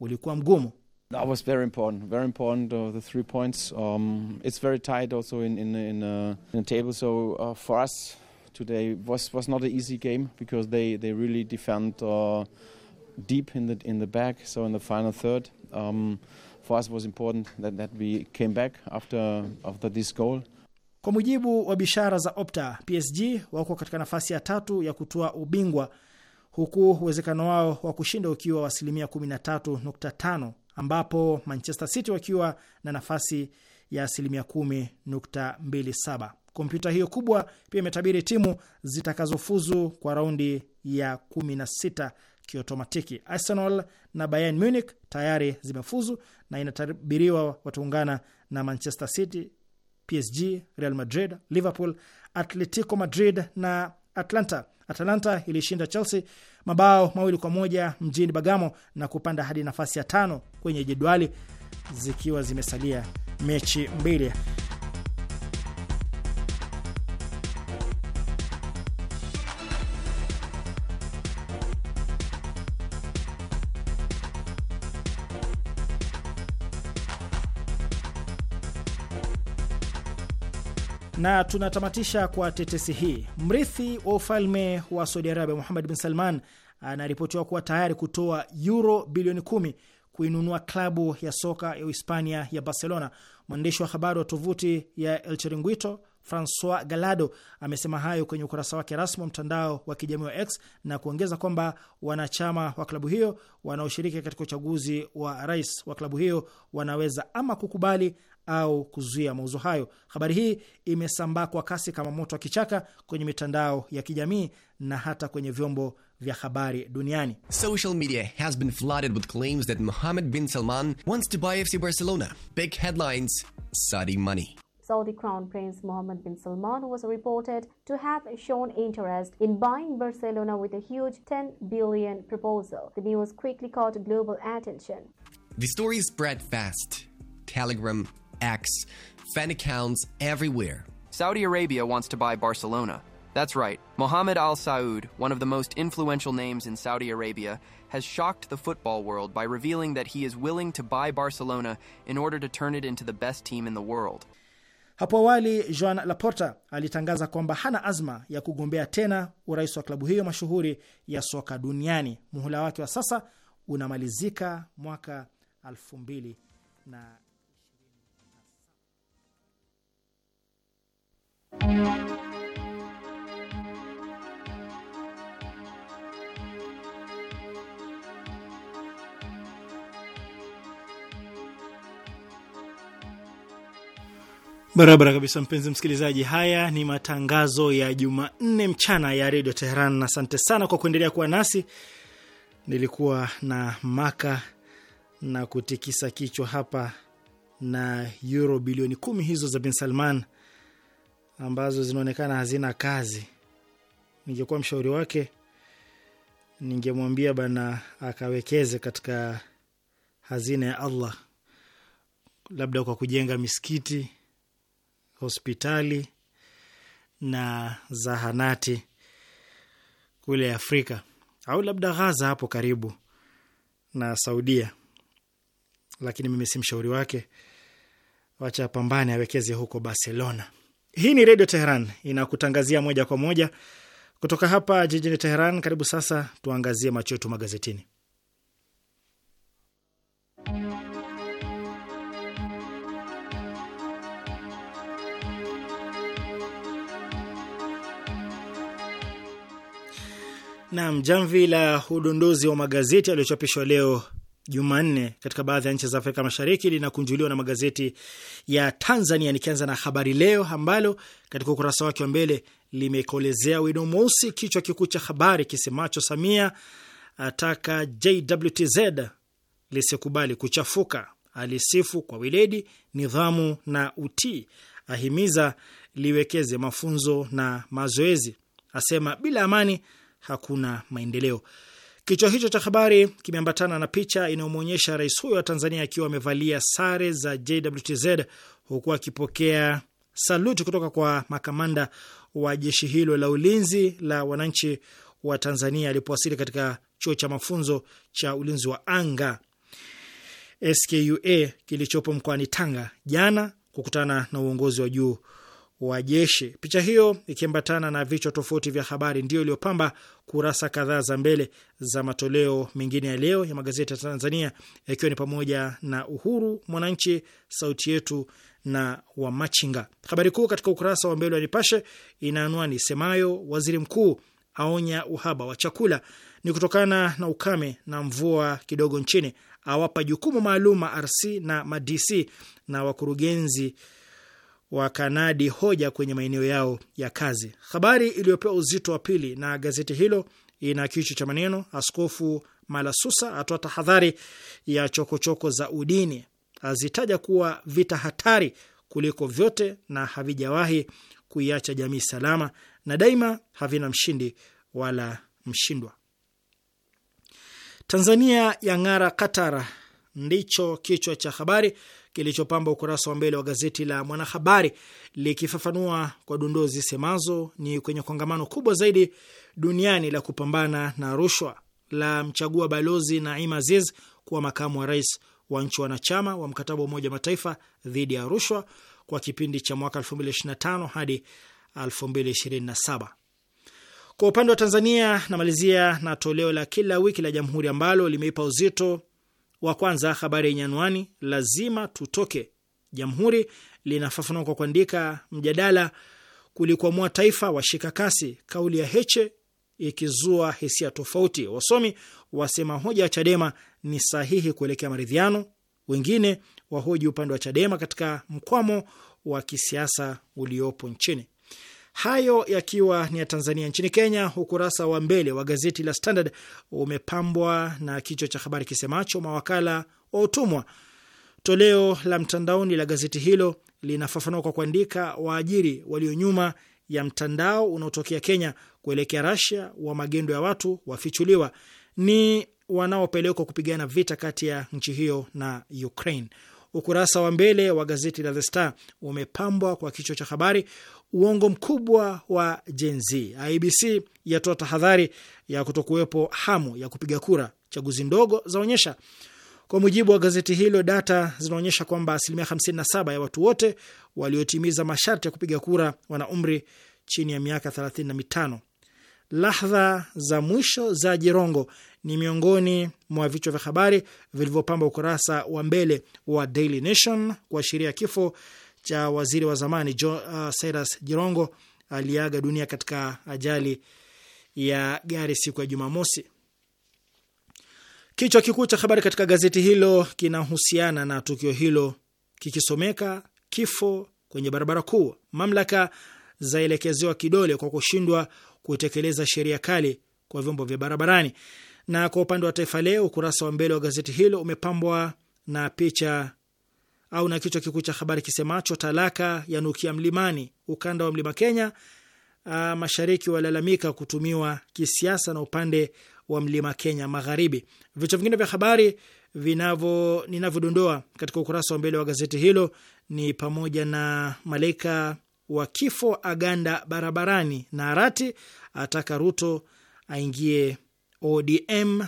[SPEAKER 1] ulikuwa mgumu. That was very important, very important, uh, the three points. Um, it's very tight also in, in, in, uh, in the table. So uh, for us today was, was not an easy game because they, they really defend uh, deep in the in the back. So in the final third, um, for us was important that, that we came back after after this goal. Kwa mujibu wa bishara za Opta, PSG wako katika nafasi ya tatu ya kutoa ubingwa huku uwezekano wao wa kushinda ukiwa wa asilimia 13.5 ambapo Manchester City wakiwa na nafasi ya asilimia 10.27. Kompyuta hiyo kubwa pia imetabiri timu zitakazofuzu kwa raundi ya 16 kiotomatiki. Arsenal na Bayern Munich tayari zimefuzu na inatabiriwa wataungana na Manchester City, PSG, Real Madrid, Liverpool, Atletico Madrid na Atlanta. Atalanta ilishinda Chelsea mabao mawili kwa moja mjini Bagamo na kupanda hadi nafasi ya tano kwenye jedwali zikiwa zimesalia mechi mbili. Na tunatamatisha kwa tetesi hii. Mrithi wa ufalme wa Saudi Arabia Muhammad bin Salman anaripotiwa kuwa tayari kutoa euro bilioni kumi kuinunua klabu ya soka ya Uhispania ya Barcelona. Mwandishi wa habari wa tovuti ya El Chiringuito Francois Galado amesema hayo kwenye ukurasa wake rasmi wa mtandao wa kijamii wa X na kuongeza kwamba wanachama wa klabu hiyo wanaoshiriki katika uchaguzi wa rais wa klabu hiyo wanaweza ama kukubali au kuzuia mauzo hayo. Habari hii imesambaa kwa kasi kama moto wa kichaka kwenye mitandao ya kijamii na hata kwenye vyombo
[SPEAKER 3] vya habari duniani. Social media has been flooded with claims that Mohammed bin Salman wants to buy FC Barcelona. Big headlines, Saudi money. Saudi Crown Prince Mohammed bin Salman was reported to have shown interest in buying Barcelona with a huge 10 billion proposal. The news quickly caught global attention. The story spread fast. Telegram, X, fan accounts everywhere. Saudi Arabia wants to buy Barcelona. That's right. Mohammed Al Saud, one of the most influential names in Saudi Arabia, has shocked the football world by revealing that he is willing to buy Barcelona in order to turn it into the best team in the world.
[SPEAKER 1] Hapo awali Joan Laporta alitangaza kwamba hana azma ya kugombea tena urais wa klabu hiyo mashuhuri ya soka duniani. Muhula wake wa sasa unamalizika mwaka 2000 na Barabara kabisa, mpenzi msikilizaji. Haya ni matangazo ya Jumanne mchana ya redio Teheran, asante sana kwa kuendelea kuwa nasi. Nilikuwa na maka na kutikisa kichwa hapa na euro bilioni kumi hizo za Bin Salman ambazo zinaonekana hazina kazi. Ningekuwa mshauri wake, ningemwambia bana akawekeze katika hazina ya Allah, labda kwa kujenga misikiti hospitali na zahanati kule Afrika au labda Ghaza hapo karibu na Saudia, lakini mimi si mshauri wake. Wacha pambane, awekeze huko Barcelona. Hii ni Redio Teheran inakutangazia moja kwa moja kutoka hapa jijini Teheran. Karibu sasa tuangazie macho yetu magazetini. Nam jamvi la udondozi wa magazeti yaliyochapishwa leo Jumanne katika baadhi ya nchi za Afrika Mashariki linakunjuliwa na magazeti ya Tanzania, nikianza na Habari Leo ambalo katika ukurasa wake wa mbele limekolezea wino mweusi kichwa kikuu cha habari kisemacho Samia ataka JWTZ lisikubali kuchafuka, alisifu kwa weledi, nidhamu na utii, ahimiza liwekeze mafunzo na mazoezi, asema bila amani hakuna maendeleo. Kichwa hicho cha habari kimeambatana na picha inayomwonyesha rais huyo wa Tanzania akiwa amevalia sare za JWTZ huku akipokea saluti kutoka kwa makamanda wa jeshi hilo la ulinzi la wananchi wa Tanzania alipowasili katika chuo cha mafunzo cha ulinzi wa anga SKUA kilichopo mkoani Tanga jana kukutana na uongozi wa juu wa jeshi. Picha hiyo ikiambatana na vichwa tofauti vya habari ndiyo iliyopamba kurasa kadhaa za mbele za matoleo mengine ya leo ya magazeti ya Tanzania, yakiwa ni pamoja na Uhuru, Mwananchi, Sauti Yetu na Wamachinga. Habari kuu katika ukurasa wa mbele wa Nipashe ina anwani semayo, waziri mkuu aonya uhaba wa chakula ni kutokana na ukame na mvua kidogo nchini, awapa jukumu maalum RC na madc na wakurugenzi wakanadi hoja kwenye maeneo yao ya kazi. Habari iliyopewa uzito wa pili na gazeti hilo ina kichwa cha maneno Askofu Malasusa atoa tahadhari ya chokochoko choko za udini, azitaja kuwa vita hatari kuliko vyote na havijawahi kuiacha jamii salama na daima havina mshindi wala mshindwa. Tanzania ya ng'ara Qatar ndicho kichwa cha habari kilichopamba ukurasa wa mbele wa gazeti la Mwanahabari, likifafanua kwa dondoo zisemazo ni kwenye kongamano kubwa zaidi duniani la kupambana na rushwa la mchagua Balozi Naim Aziz kuwa makamu wa rais wa nchi wanachama wa mkataba wa Umoja Mataifa dhidi ya rushwa kwa kipindi cha mwaka 2025 hadi 2027. Kwa upande wa Tanzania, namalizia na toleo la kila wiki la Jamhuri ambalo limeipa uzito wa kwanza, habari yenye anwani lazima tutoke, Jamhuri linafafanua kwa kuandika mjadala kulikuamua taifa washika kasi, kauli ya Heche ikizua hisia tofauti, wasomi wasema hoja ya Chadema ni sahihi kuelekea maridhiano, wengine wahoji upande wa Chadema katika mkwamo wa kisiasa uliopo nchini. Hayo yakiwa ni ya Tanzania. Nchini Kenya, ukurasa wa mbele wa gazeti la Standard umepambwa na kichwa cha habari kisemacho mawakala wa utumwa. Toleo la mtandaoni la gazeti hilo linafafanua kwa kuandika, waajiri walio nyuma ya mtandao unaotokea Kenya kuelekea Rasia wa magendo ya watu wafichuliwa, ni wanaopelekwa kupigana vita kati ya nchi hiyo na Ukraine. Ukurasa wa mbele wa gazeti la The Star umepambwa kwa kichwa cha habari, uongo mkubwa wa Gen Z, IBC yatoa tahadhari ya kutokuwepo hamu ya kupiga kura, chaguzi ndogo zaonyesha. Kwa mujibu wa gazeti hilo, data zinaonyesha kwamba asilimia 57 ya watu wote waliotimiza masharti ya kupiga kura wana umri chini ya miaka 35 lahdha za mwisho za Jirongo ni miongoni mwa vichwa vya habari vilivyopamba ukurasa wa mbele wa Daily Nation, kuashiria kifo cha waziri wa zamani jo, uh, Cyrus Jirongo aliaga dunia katika ajali ya gari siku ya Jumamosi. Kichwa kikuu cha habari katika gazeti hilo kinahusiana na tukio hilo kikisomeka kifo kwenye barabara kuu, mamlaka zaelekezewa kidole kwa kushindwa kutekeleza sheria kali kwa vyombo vya barabarani. Na kwa upande wa Taifa Leo, ukurasa wa mbele wa gazeti hilo umepambwa na picha au na kichwa kikuu cha habari kisemacho talaka ya nukia mlimani, ukanda wa mlima Kenya a, ah, mashariki walalamika kutumiwa kisiasa na upande wa mlima Kenya magharibi. Vichwa vingine vya habari vinavyo ninavyodondoa katika ukurasa wa mbele wa gazeti hilo ni pamoja na malaika wa kifo aganda barabarani, na Arati ataka Ruto aingie ODM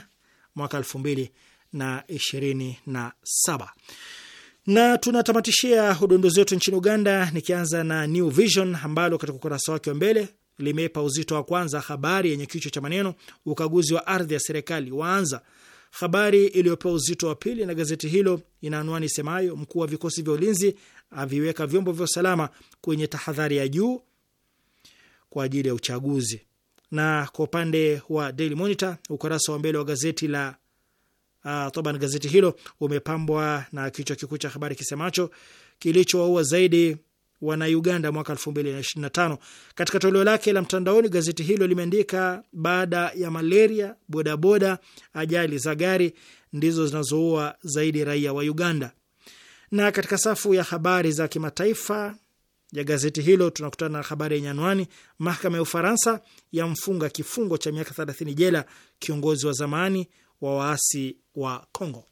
[SPEAKER 1] mwaka elfu mbili na ishirini na saba. Na tunatamatishia udondozi wetu nchini Uganda, nikianza na New Vision ambalo katika ukurasa wake wa mbele limeipa uzito wa kwanza habari yenye kichwa cha maneno ukaguzi wa ardhi ya serikali waanza. Habari iliyopewa uzito wa pili na gazeti hilo ina anwani semayo mkuu wa vikosi vya ulinzi aviweka vyombo vya usalama kwenye tahadhari ya juu kwa ajili ya uchaguzi. Na kwa upande wa Daily Monitor, ukurasa wa mbele wa gazeti la uh, toban gazeti hilo umepambwa na kichwa kikuu cha habari kisemacho kilichowaua zaidi wana Uganda mwaka 2025. Katika toleo lake la mtandaoni gazeti hilo limeandika baada ya malaria, bodaboda, ajali za gari ndizo zinazoua zaidi raia wa Uganda. Na katika safu ya habari za kimataifa ya gazeti hilo tunakutana na habari yenye anwani mahakama ya Ufaransa yamfunga kifungo cha miaka 30 jela kiongozi wa zamani wa waasi wa Kongo.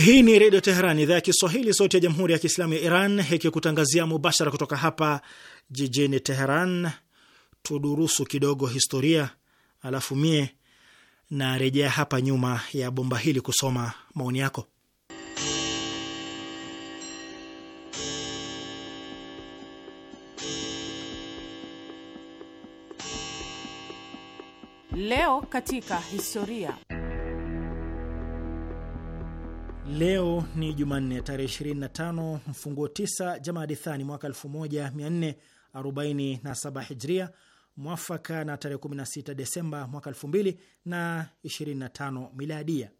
[SPEAKER 1] Hii ni Redio Teheran, idhaa ya Kiswahili, sauti ya Jamhuri ya Kiislamu ya Iran, ikikutangazia mubashara kutoka hapa jijini Teheran. Tudurusu kidogo historia, alafu mie narejea hapa nyuma ya bomba hili kusoma maoni yako.
[SPEAKER 3] Leo katika historia
[SPEAKER 1] Leo ni Jumanne tarehe 25 mfunguo 9 Jamadi Thani mwaka 1447 Hijria, mwafaka na tarehe 16 Desemba mwaka 2025 Miladia.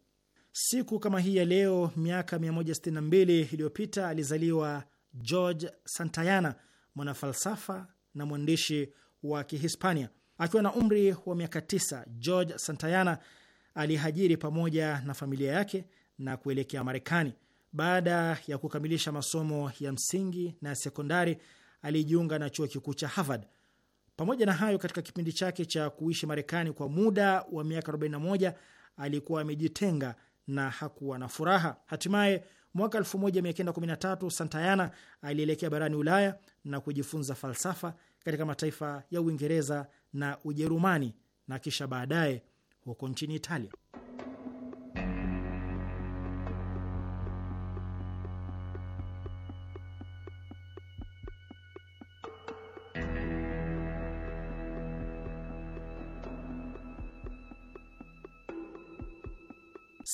[SPEAKER 1] Siku kama hii ya leo miaka 162 iliyopita alizaliwa George Santayana, mwanafalsafa na mwandishi wa Kihispania. Akiwa na umri wa miaka tisa George Santayana alihajiri pamoja na familia yake na kuelekea Marekani. Baada ya kukamilisha masomo ya msingi na sekondari, alijiunga na chuo kikuu cha Harvard. Pamoja na hayo, katika kipindi chake cha kuishi Marekani kwa muda wa miaka 41 alikuwa amejitenga na hakuwa na furaha. Hatimaye mwaka 1913 Santayana alielekea barani Ulaya na kujifunza falsafa katika mataifa ya Uingereza na Ujerumani na kisha baadaye huko nchini Italia.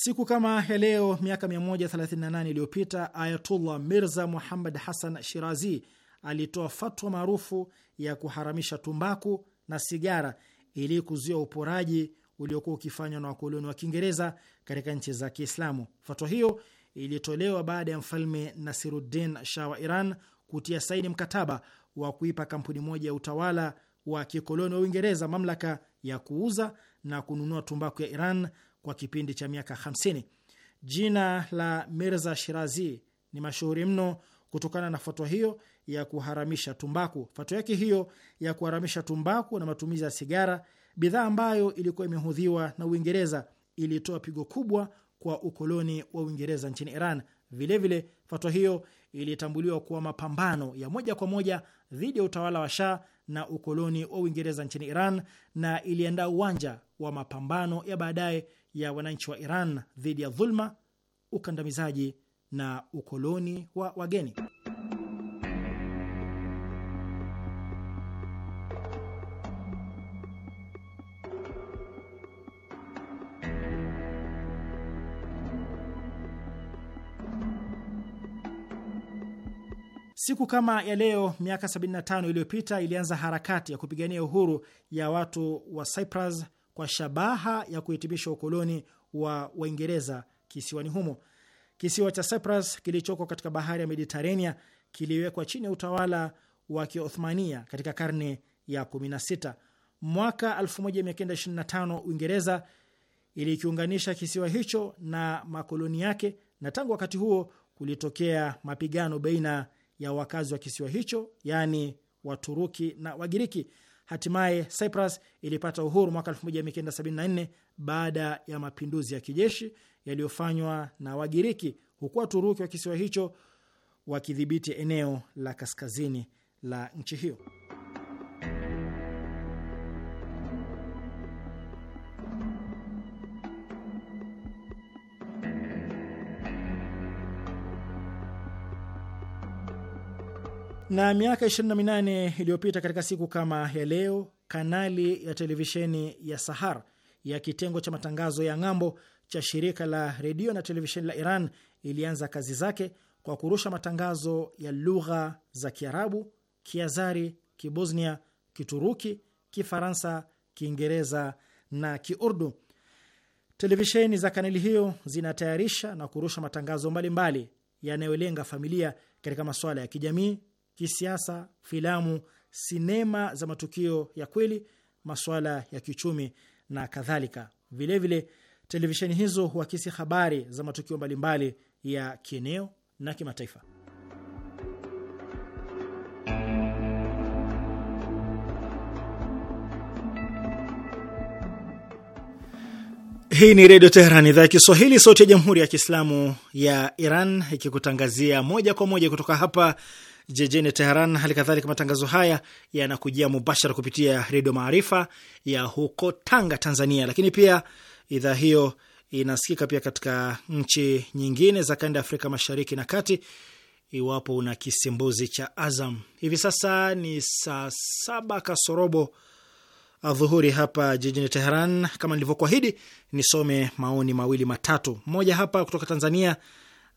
[SPEAKER 1] Siku kama ya leo miaka 138 iliyopita Ayatullah Mirza Muhammad Hassan Shirazi alitoa fatwa maarufu ya kuharamisha tumbaku na sigara ili kuzuia uporaji uliokuwa ukifanywa na wakoloni wa Kiingereza katika nchi za Kiislamu. Fatwa hiyo ilitolewa baada ya mfalme Nasiruddin Shah wa Iran kutia saini mkataba wa kuipa kampuni moja ya utawala wa kikoloni wa Uingereza mamlaka ya kuuza na kununua tumbaku ya Iran kwa kipindi cha miaka 50. Jina la Mirza Shirazi ni mashuhuri mno kutokana na fatwa hiyo ya kuharamisha tumbaku. Fatwa yake hiyo ya kuharamisha tumbaku na matumizi ya sigara, bidhaa ambayo ilikuwa imehudhiwa na Uingereza, ilitoa pigo kubwa kwa ukoloni wa Uingereza nchini Iran. Vilevile, fatwa hiyo ilitambuliwa kuwa mapambano ya moja kwa moja dhidi ya utawala wa Shah na ukoloni wa Uingereza nchini Iran na iliandaa uwanja wa mapambano ya baadaye ya wananchi wa Iran dhidi ya dhulma, ukandamizaji na ukoloni wa wageni. Siku kama ya leo miaka 75 iliyopita ilianza harakati ya kupigania uhuru ya watu wa Cyprus kwa shabaha ya kuhitimisha ukoloni wa Waingereza kisiwani humo. Kisiwa cha Cyprus kilichoko katika bahari ya Mediterania kiliwekwa chini ya utawala wa Kiothmania katika karne ya 16. Mwaka 1925 Uingereza ilikiunganisha kisiwa hicho na makoloni yake, na tangu wakati huo kulitokea mapigano baina ya wakazi wa kisiwa hicho, yaani Waturuki na Wagiriki. Hatimaye Cyprus ilipata uhuru mwaka 1974 baada ya mapinduzi ya kijeshi yaliyofanywa na Wagiriki, huku Waturuki wa kisiwa hicho wakidhibiti eneo la kaskazini la nchi hiyo. Na miaka 28 iliyopita katika siku kama ya leo, kanali ya televisheni ya Sahar ya kitengo cha matangazo ya ng'ambo cha shirika la redio na televisheni la Iran ilianza kazi zake kwa kurusha matangazo ya lugha za Kiarabu, Kiazari, Kibosnia, Kituruki, Kifaransa, Kiingereza na Kiurdu. Televisheni za kanali hiyo zinatayarisha na kurusha matangazo mbalimbali yanayolenga familia katika masuala ya kijamii, kisiasa, filamu, sinema za matukio ya kweli, masuala ya kiuchumi na kadhalika. Vilevile, televisheni hizo huakisi habari za matukio mbalimbali ya kieneo na kimataifa. Hii ni Redio Teheran, idhaa ya Kiswahili, sauti ya Jamhuri ya Kiislamu ya Iran, ikikutangazia moja kwa moja kutoka hapa jijini Teheran. Hali kadhalika matangazo haya yanakujia mubashara kupitia Redio Maarifa ya huko Tanga, Tanzania, lakini pia idhaa hiyo inasikika pia katika nchi nyingine za kanda ya Afrika Mashariki na Kati, iwapo una kisimbuzi cha Azam. Hivi sasa ni saa saba kasorobo adhuhuri hapa jijini Teheran. Kama nilivyokuahidi, nisome maoni mawili matatu. Moja hapa kutoka Tanzania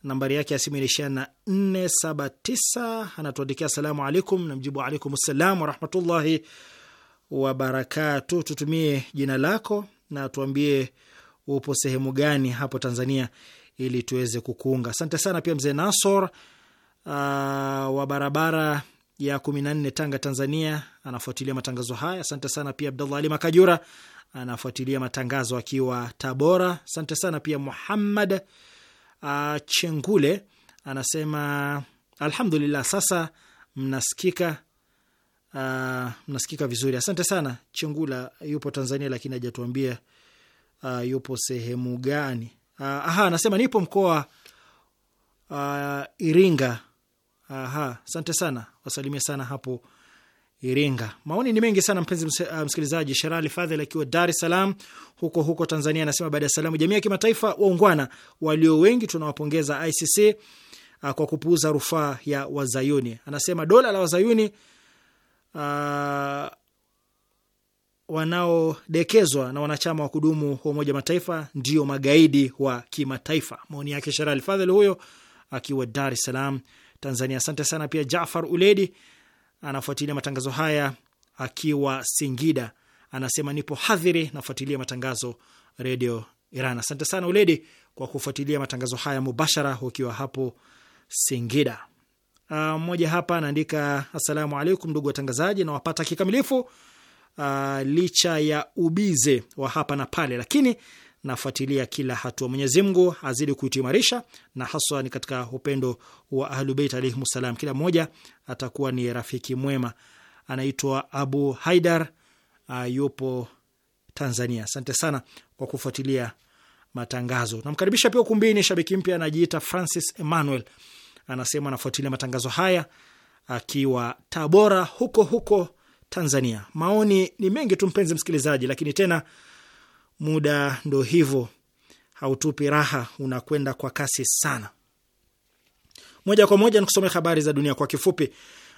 [SPEAKER 1] nambari yake ya simu inaishia na 479. Anatuandikia salamu alaikum, na mjibu alaikum salam warahmatullahi wabarakatu. Tutumie jina lako na tuambie upo sehemu gani hapo Tanzania ili tuweze kukuunga. Asante sana pia mzee Nasor uh, wa barabara ya kumi na nne Tanga, Tanzania, anafuatilia matangazo haya. Asante sana pia Abdallah Ali Makajura anafuatilia matangazo akiwa Tabora. Asante sana pia Muhammad Ah, Chengule anasema alhamdulillah, sasa mnasikika. Uh, mnasikika vizuri, asante sana. Chengula yupo Tanzania lakini hajatuambia uh, yupo sehemu gani. Uh, aha, anasema nipo mkoa uh, Iringa. Aha, asante sana, wasalimia sana hapo Iringa. Maoni ni mengi sana mpenzi uh, msikilizaji. Sherali Fadhel akiwa Dar es Salaam huko huko Tanzania anasema, baada ya salamu, jamii ya kimataifa waungwana walio wengi tunawapongeza ICC uh, kwa kupuuza rufaa ya Wazayuni. Anasema dola la Wazayuni uh, wanaodekezwa na wanachama wa kudumu wa Umoja Mataifa ndio magaidi wa kimataifa. Maoni yake Sherali Fadhel huyo akiwa Dar es Salaam, Tanzania. Asante sana pia Jafar Uledi anafuatilia matangazo haya akiwa Singida, anasema nipo hadhiri, nafuatilia matangazo Redio Iran. Asante sana Uledi kwa kufuatilia matangazo haya mubashara ukiwa hapo Singida. Ah, mmoja uh, hapa anaandika assalamu alaikum, ndugu watangazaji, nawapata kikamilifu uh, licha ya ubize wa hapa na pale, lakini nafuatilia kila hatua. Mwenyezi Mungu azidi kuitimarisha na haswa ni katika upendo wa Ahlubeit alaihimussalam. Kila mmoja atakuwa ni rafiki mwema. Anaitwa Abu Haidar, uh, yupo Tanzania. Asante sana kwa kufuatilia matangazo. Namkaribisha pia ukumbini shabiki mpya anajiita Francis Emmanuel, anasema anafuatilia matangazo haya akiwa Tabora huko huko Tanzania. Maoni ni mengi tu mpenzi msikilizaji, lakini tena muda ndo hivyo hautupi raha, unakwenda kwa kasi sana. Moja kwa moja nikusome habari za dunia kwa kifupi.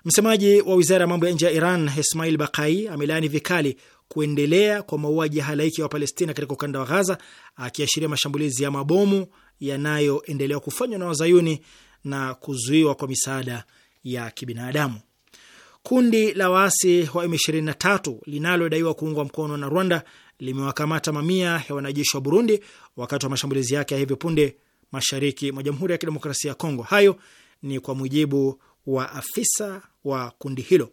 [SPEAKER 1] Msemaji wa wizara ya mambo ya nje ya Iran Ismail Bakai amelaani vikali kuendelea kwa mauaji ya halaiki ya Wapalestina katika ukanda wa Ghaza, akiashiria mashambulizi ya mabomu yanayoendelea kufanywa na wazayuni na kuzuiwa kwa misaada ya kibinadamu. Kundi la waasi wa M23 linalodaiwa kuungwa mkono na Rwanda limewakamata mamia ya wanajeshi wa Burundi wakati wa mashambulizi yake ya hivi punde mashariki mwa Jamhuri ya Kidemokrasia ya Kongo. Hayo ni kwa mujibu wa afisa wa kundi hilo.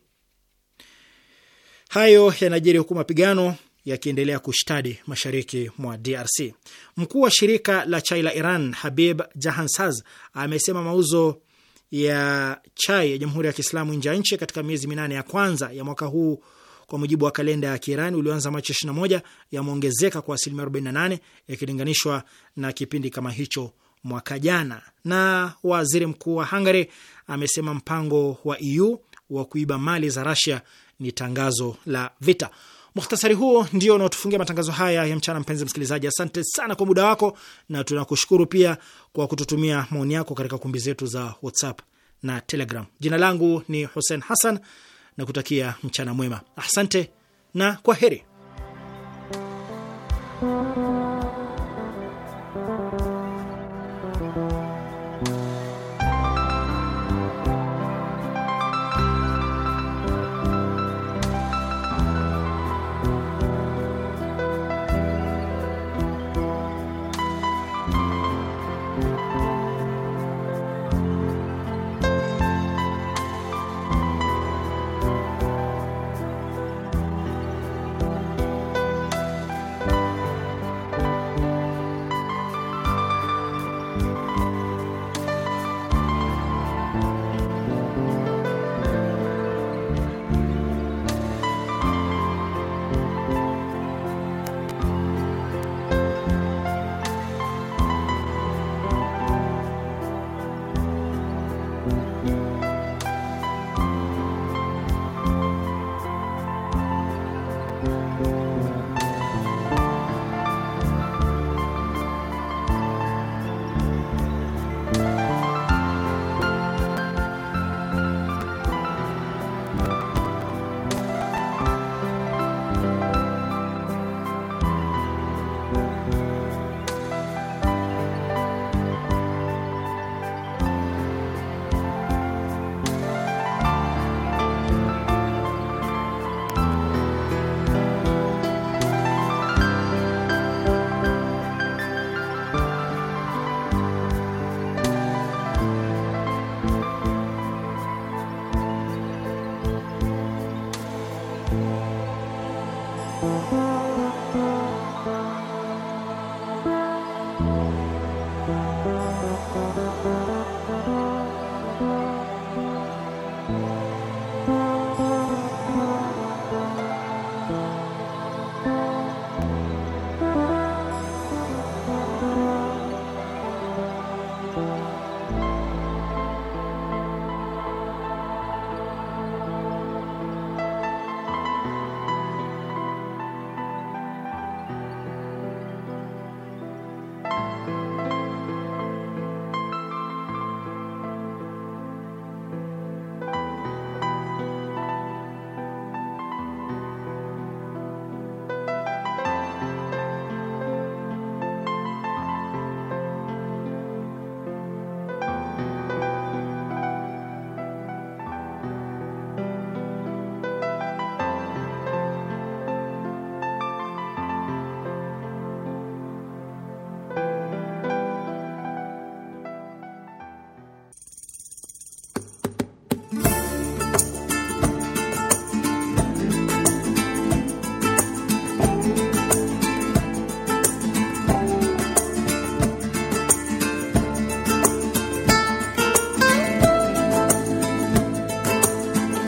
[SPEAKER 1] Hayo yanajiri huku mapigano yakiendelea kushtadi mashariki mwa DRC. Mkuu wa shirika la chai la Iran Habib Jahansaz amesema mauzo ya chai ya Jamhuri ya Kiislamu nje ya nchi katika miezi minane ya kwanza ya mwaka huu kwa mujibu wa kalenda ya Kiirani ulioanza Machi 21 yameongezeka kwa asilimia 48 yakilinganishwa na kipindi kama hicho mwaka jana. Na waziri mkuu wa Hungary amesema mpango wa EU wa kuiba mali za Rasia ni tangazo la vita. Mukhtasari huo ndio unaotufungia matangazo haya ya mchana. Mpenzi msikilizaji, asante sana kwa muda wako, na tunakushukuru pia kwa kututumia maoni yako katika kumbi zetu za WhatsApp na Telegram. Jina langu ni Hussein Hassan na kutakia mchana mwema. Asante na kwa heri.